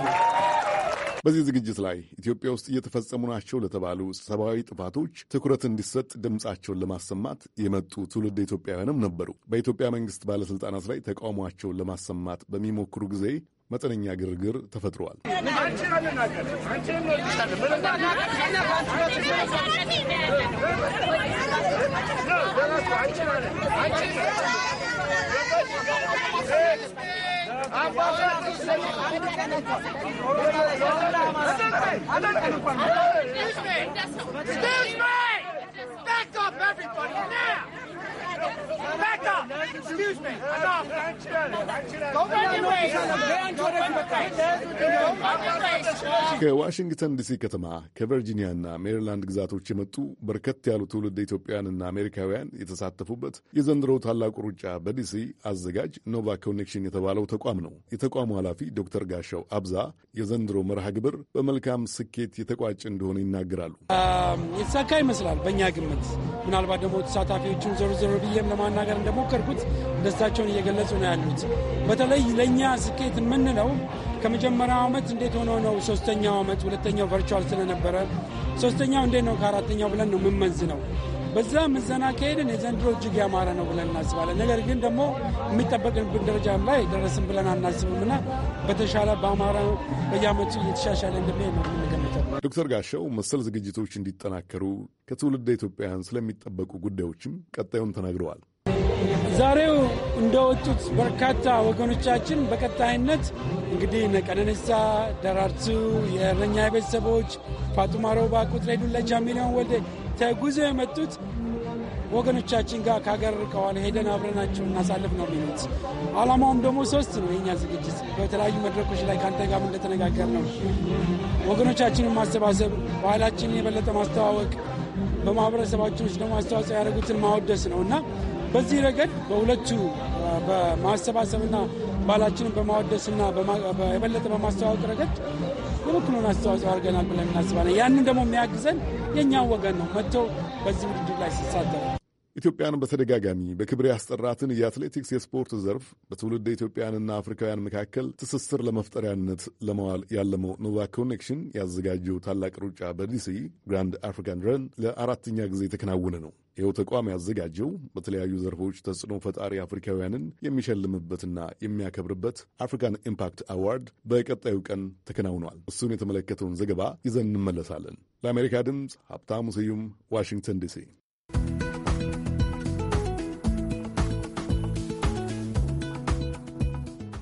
በዚህ ዝግጅት ላይ ኢትዮጵያ ውስጥ እየተፈጸሙ ናቸው ለተባሉ ሰብአዊ ጥፋቶች ትኩረት እንዲሰጥ ድምፃቸውን ለማሰማት የመጡ ትውልድ ኢትዮጵያውያንም ነበሩ። በኢትዮጵያ መንግስት ባለስልጣናት ላይ ተቃውሟቸውን ለማሰማት በሚሞክሩ ጊዜ መጠነኛ ግርግር ተፈጥሯል።
Excuse me!
Excuse me! Back up, everybody, now! Back up!
Excuse me.
ከዋሽንግተን ዲሲ ከተማ ከቨርጂኒያ ከቨርጂኒያና ሜሪላንድ ግዛቶች የመጡ በርከት ያሉ ትውልድ ኢትዮጵያውያንና አሜሪካውያን የተሳተፉበት የዘንድሮው ታላቁ ሩጫ በዲሲ አዘጋጅ ኖቫ ኮኔክሽን የተባለው ተቋም ነው። የተቋሙ ኃላፊ ዶክተር ጋሻው አብዛ የዘንድሮ መርሃ ግብር በመልካም ስኬት የተቋጭ እንደሆነ ይናገራሉ።
um, የተሳካ ይመስላል በእኛ ግምት። ምናልባት ደግሞ ተሳታፊዎችን ዞር ዞር ብዬም ለማ ለማናገር እንደሞከርኩት ደስታቸውን እየገለጹ ነው ያሉት። በተለይ ለእኛ ስኬት የምንለው ከመጀመሪያው ዓመት እንዴት ሆኖ ነው ሶስተኛው ዓመት ሁለተኛው ቨርቹዋል ስለነበረ ሶስተኛው እንዴት ነው ከአራተኛው ብለን ነው የምንመዝ ነው። በዛ ምዘና ከሄድን የዘንድሮ እጅግ ያማረ ነው ብለን እናስባለን። ነገር ግን ደግሞ የሚጠበቅንብን ደረጃ ላይ ደረስን ብለን አናስብም እና በተሻለ በአማራ በየዓመቱ እየተሻሻለ እንደሚሄድ ነው የምንገምተው።
ዶክተር ጋሻው መሰል ዝግጅቶች እንዲጠናከሩ ከትውልድ ኢትዮጵያውያን ስለሚጠበቁ ጉዳዮችም ቀጣዩን ተናግረዋል።
ዛሬው እንደወጡት በርካታ ወገኖቻችን በቀጣይነት እንግዲህ ነቀነኒሳ ደራርቱ፣ የእረኛ ቤተሰቦች፣ ፋጡማ ሮባ፣ ቁጥሬ ዱለቻ፣ ሚሊዮን ወልዴ ተጉዞ የመጡት ወገኖቻችን ጋር ከሀገር ርቀዋል ሄደን አብረናቸው እናሳልፍ ነው የሚሉት። አላማውም ደግሞ ሶስት ነው። የኛ ዝግጅት በተለያዩ መድረኮች ላይ ከአንተ ጋር እንደተነጋገር ነው ወገኖቻችንን ማሰባሰብ፣ ባህላችንን የበለጠ ማስተዋወቅ፣ በማህበረሰባችን ውስጥ ደግሞ አስተዋጽኦ ያደረጉትን ማወደስ ነው እና በዚህ ረገድ በሁለቱ በማሰባሰብና ባህላችንን በማወደስና የበለጠ በማስተዋወቅ ረገድ የበኩሉን አስተዋጽኦ አድርገናል ብለን እናስባለን። ያንን ደግሞ የሚያግዘን የእኛ ወገን ነው መጥተው በዚህ ውድድር ላይ ሲሳተፉ
ኢትዮጵያን በተደጋጋሚ በክብር ያስጠራትን የአትሌቲክስ የስፖርት ዘርፍ በትውልድ ኢትዮጵያንና አፍሪካውያን መካከል ትስስር ለመፍጠሪያነት ለመዋል ያለመው ኖቫ ኮኔክሽን ያዘጋጀው ታላቅ ሩጫ በዲሲ ግራንድ አፍሪካን ረን ለአራተኛ ጊዜ የተከናወነ ነው። ይኸው ተቋም ያዘጋጀው በተለያዩ ዘርፎች ተጽዕኖ ፈጣሪ አፍሪካውያንን የሚሸልምበትና የሚያከብርበት አፍሪካን ኢምፓክት አዋርድ በቀጣዩ ቀን ተከናውኗል። እሱን የተመለከተውን ዘገባ ይዘን እንመለሳለን። ለአሜሪካ ድምፅ ሀብታሙ ስዩም ዋሽንግተን ዲሲ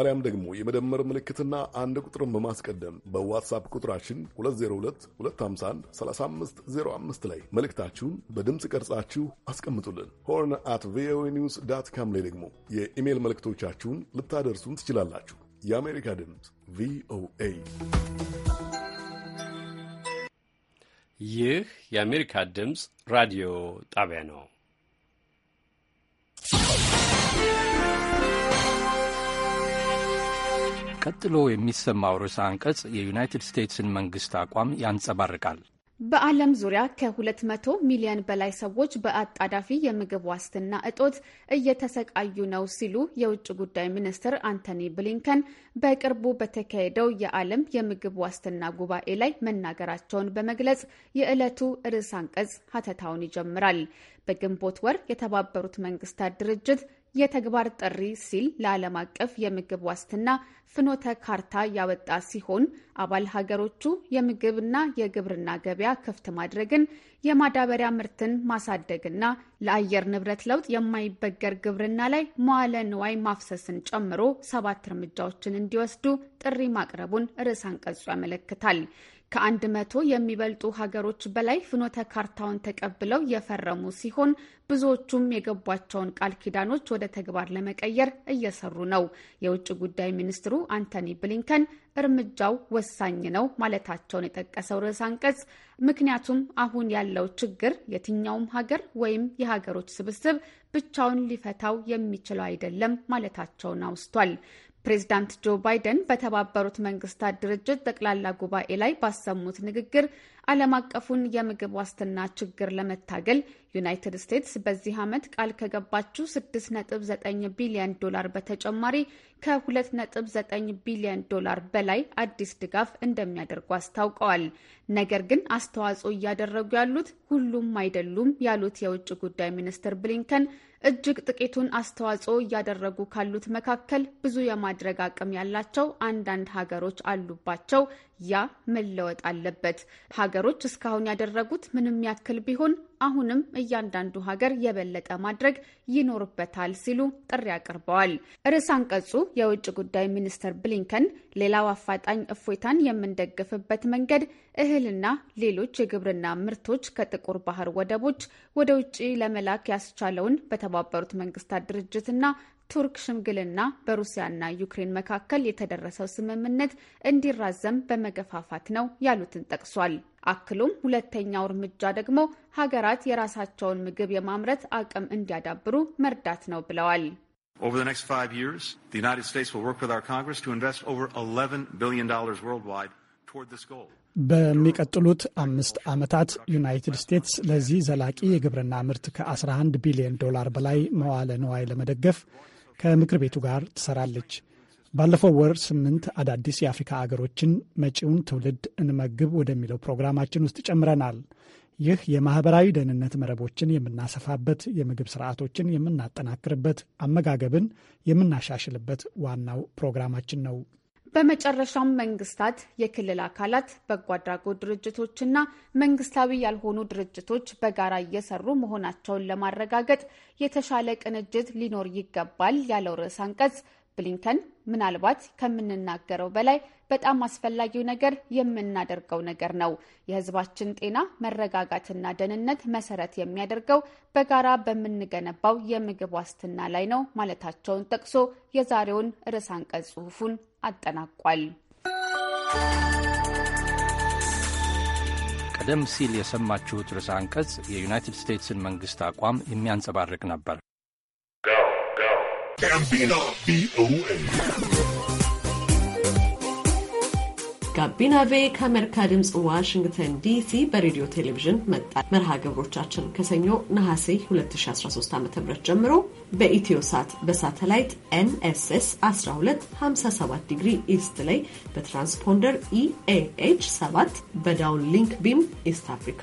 አሊያም ደግሞ የመደመር ምልክትና አንድ ቁጥርን በማስቀደም በዋትሳፕ ቁጥራችን 2022513505 ላይ መልእክታችሁን በድምፅ ቀርጻችሁ አስቀምጡልን። ሆርን አት ቪኦኤ ኒውስ ዳት ካም ላይ ደግሞ የኢሜይል መልእክቶቻችሁን ልታደርሱን ትችላላችሁ። የአሜሪካ ድምፅ
ቪኦኤ። ይህ የአሜሪካ ድምፅ ራዲዮ ጣቢያ ነው። ቀጥሎ የሚሰማው ርዕሰ አንቀጽ የዩናይትድ ስቴትስን መንግስት አቋም ያንጸባርቃል።
በዓለም ዙሪያ ከ200 ሚሊዮን በላይ ሰዎች በአጣዳፊ የምግብ ዋስትና እጦት እየተሰቃዩ ነው ሲሉ የውጭ ጉዳይ ሚኒስትር አንቶኒ ብሊንከን በቅርቡ በተካሄደው የዓለም የምግብ ዋስትና ጉባኤ ላይ መናገራቸውን በመግለጽ የዕለቱ ርዕስ አንቀጽ ሀተታውን ይጀምራል። በግንቦት ወር የተባበሩት መንግስታት ድርጅት የተግባር ጥሪ ሲል ለዓለም አቀፍ የምግብ ዋስትና ፍኖተ ካርታ ያወጣ ሲሆን አባል ሀገሮቹ የምግብና የግብርና ገበያ ክፍት ማድረግን፣ የማዳበሪያ ምርትን ማሳደግና ለአየር ንብረት ለውጥ የማይበገር ግብርና ላይ መዋለ ንዋይ ማፍሰስን ጨምሮ ሰባት እርምጃዎችን እንዲወስዱ ጥሪ ማቅረቡን ርዕስ አንቀጹ ያመለክታል። ከአንድ መቶ የሚበልጡ ሀገሮች በላይ ፍኖተ ካርታውን ተቀብለው የፈረሙ ሲሆን ብዙዎቹም የገቧቸውን ቃል ኪዳኖች ወደ ተግባር ለመቀየር እየሰሩ ነው። የውጭ ጉዳይ ሚኒስትሩ አንቶኒ ብሊንከን እርምጃው ወሳኝ ነው ማለታቸውን የጠቀሰው ርዕስ አንቀጽ ምክንያቱም አሁን ያለው ችግር የትኛውም ሀገር ወይም የሀገሮች ስብስብ ብቻውን ሊፈታው የሚችለው አይደለም ማለታቸውን አውስቷል። ፕሬዚዳንት ጆ ባይደን በተባበሩት መንግስታት ድርጅት ጠቅላላ ጉባኤ ላይ ባሰሙት ንግግር ዓለም አቀፉን የምግብ ዋስትና ችግር ለመታገል ዩናይትድ ስቴትስ በዚህ ዓመት ቃል ከገባችው 6.9 ቢሊዮን ዶላር በተጨማሪ ከ2.9 ቢሊዮን ዶላር በላይ አዲስ ድጋፍ እንደሚያደርጉ አስታውቀዋል። ነገር ግን አስተዋጽኦ እያደረጉ ያሉት ሁሉም አይደሉም ያሉት የውጭ ጉዳይ ሚኒስትር ብሊንከን እጅግ ጥቂቱን አስተዋጽኦ እያደረጉ ካሉት መካከል ብዙ የማድረግ አቅም ያላቸው አንዳንድ ሀገሮች አሉባቸው ያ መለወጥ አለበት። ሀገሮች እስካሁን ያደረጉት ምንም ያክል ቢሆን አሁንም እያንዳንዱ ሀገር የበለጠ ማድረግ ይኖርበታል ሲሉ ጥሪ አቅርበዋል። ርዕሰ አንቀጹ የውጭ ጉዳይ ሚኒስትር ብሊንከን ሌላው አፋጣኝ እፎይታን የምንደግፍበት መንገድ እህልና ሌሎች የግብርና ምርቶች ከጥቁር ባህር ወደቦች ወደ ውጭ ለመላክ ያስቻለውን በተባበሩት መንግስታት ድርጅትና ቱርክ ሽምግልና በሩሲያና ዩክሬን መካከል የተደረሰው ስምምነት እንዲራዘም በመገፋፋት ነው ያሉትን ጠቅሷል። አክሉም ሁለተኛው እርምጃ ደግሞ ሀገራት የራሳቸውን ምግብ የማምረት አቅም እንዲያዳብሩ መርዳት ነው ብለዋል።
Over the next five years, the United States
will work with our Congress to invest over $11 billion worldwide toward this goal.
በሚቀጥሉት አምስት ዓመታት ዩናይትድ ስቴትስ ለዚህ ዘላቂ የግብርና ምርት ከ11 ቢሊዮን ዶላር በላይ መዋለ ንዋይ ለመደገፍ ከምክር ቤቱ ጋር ትሰራለች። ባለፈው ወር ስምንት አዳዲስ የአፍሪካ አገሮችን መጪውን ትውልድ እንመግብ ወደሚለው ፕሮግራማችን ውስጥ ጨምረናል። ይህ የማህበራዊ ደህንነት መረቦችን የምናሰፋበት፣ የምግብ ስርዓቶችን የምናጠናክርበት፣ አመጋገብን የምናሻሽልበት ዋናው ፕሮግራማችን ነው።
በመጨረሻም መንግስታት፣ የክልል አካላት፣ በጎ አድራጎት ድርጅቶችና መንግስታዊ ያልሆኑ ድርጅቶች በጋራ እየሰሩ መሆናቸውን ለማረጋገጥ የተሻለ ቅንጅት ሊኖር ይገባል ያለው ርዕስ አንቀጽ ብሊንከን ምናልባት ከምንናገረው በላይ በጣም አስፈላጊው ነገር የምናደርገው ነገር ነው። የህዝባችን ጤና፣ መረጋጋትና ደህንነት መሰረት የሚያደርገው በጋራ በምንገነባው የምግብ ዋስትና ላይ ነው ማለታቸውን ጠቅሶ የዛሬውን ርዕስ አንቀጽ ጽሑፉን አጠናቋል።
ቀደም ሲል የሰማችሁት ርዕሰ አንቀጽ የዩናይትድ ስቴትስን መንግስት አቋም የሚያንጸባርቅ ነበር።
ጋቢና ቬ ከአሜሪካ ድምፅ ዋሽንግተን ዲሲ በሬዲዮ ቴሌቪዥን መጣ መርሃ ግብሮቻችን ከሰኞ ነሐሴ 2013 ዓ ም ጀምሮ በኢትዮሳት በሳተላይት ኤንኤስኤስ 1257 ዲግሪ ኢስት ላይ በትራንስፖንደር ኢኤኤች 7 በዳውን ሊንክ ቢም ኢስት አፍሪካ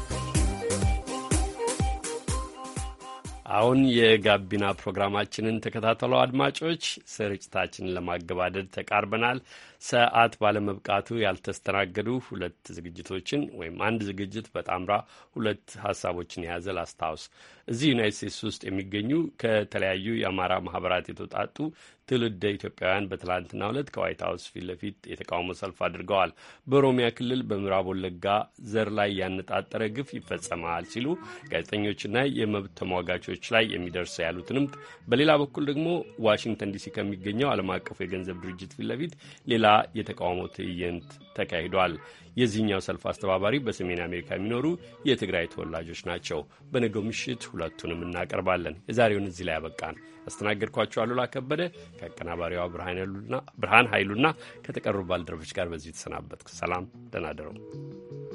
አሁን የጋቢና ፕሮግራማችንን ተከታተሉ አድማጮች። ስርጭታችንን ለማገባደድ ተቃርበናል። ሰዓት ባለመብቃቱ ያልተስተናገዱ ሁለት ዝግጅቶችን ወይም አንድ ዝግጅት በጣምራ ሁለት ሀሳቦችን የያዘ ላስታውስ። እዚህ ዩናይት ስቴትስ ውስጥ የሚገኙ ከተለያዩ የአማራ ማህበራት የተውጣጡ ትውልደ ኢትዮጵያውያን በትላንትና ዕለት ከዋይት ሀውስ ፊት ለፊት የተቃውሞ ሰልፍ አድርገዋል። በኦሮሚያ ክልል በምዕራብ ወለጋ ዘር ላይ ያነጣጠረ ግፍ ይፈጸማል ሲሉ ጋዜጠኞችና የመብት ተሟጋቾች ላይ የሚደርስ ያሉትንም፣ በሌላ በኩል ደግሞ ዋሽንግተን ዲሲ ከሚገኘው ዓለም አቀፉ የገንዘብ ድርጅት ፊት ለፊት ሌላ የተቃውሞ ትዕይንት ተካሂዷል። የዚህኛው ሰልፍ አስተባባሪ በሰሜን አሜሪካ የሚኖሩ የትግራይ ተወላጆች ናቸው። በነገው ምሽት ሁለቱንም እናቀርባለን። የዛሬውን እዚህ ላይ ያበቃን። ያስተናገድኳቸው አሉላ ከበደ ከአቀናባሪዋ ብርሃን ኃይሉና ከተቀሩ ባልደረቦች ጋር በዚህ የተሰናበት ሰላም ደህና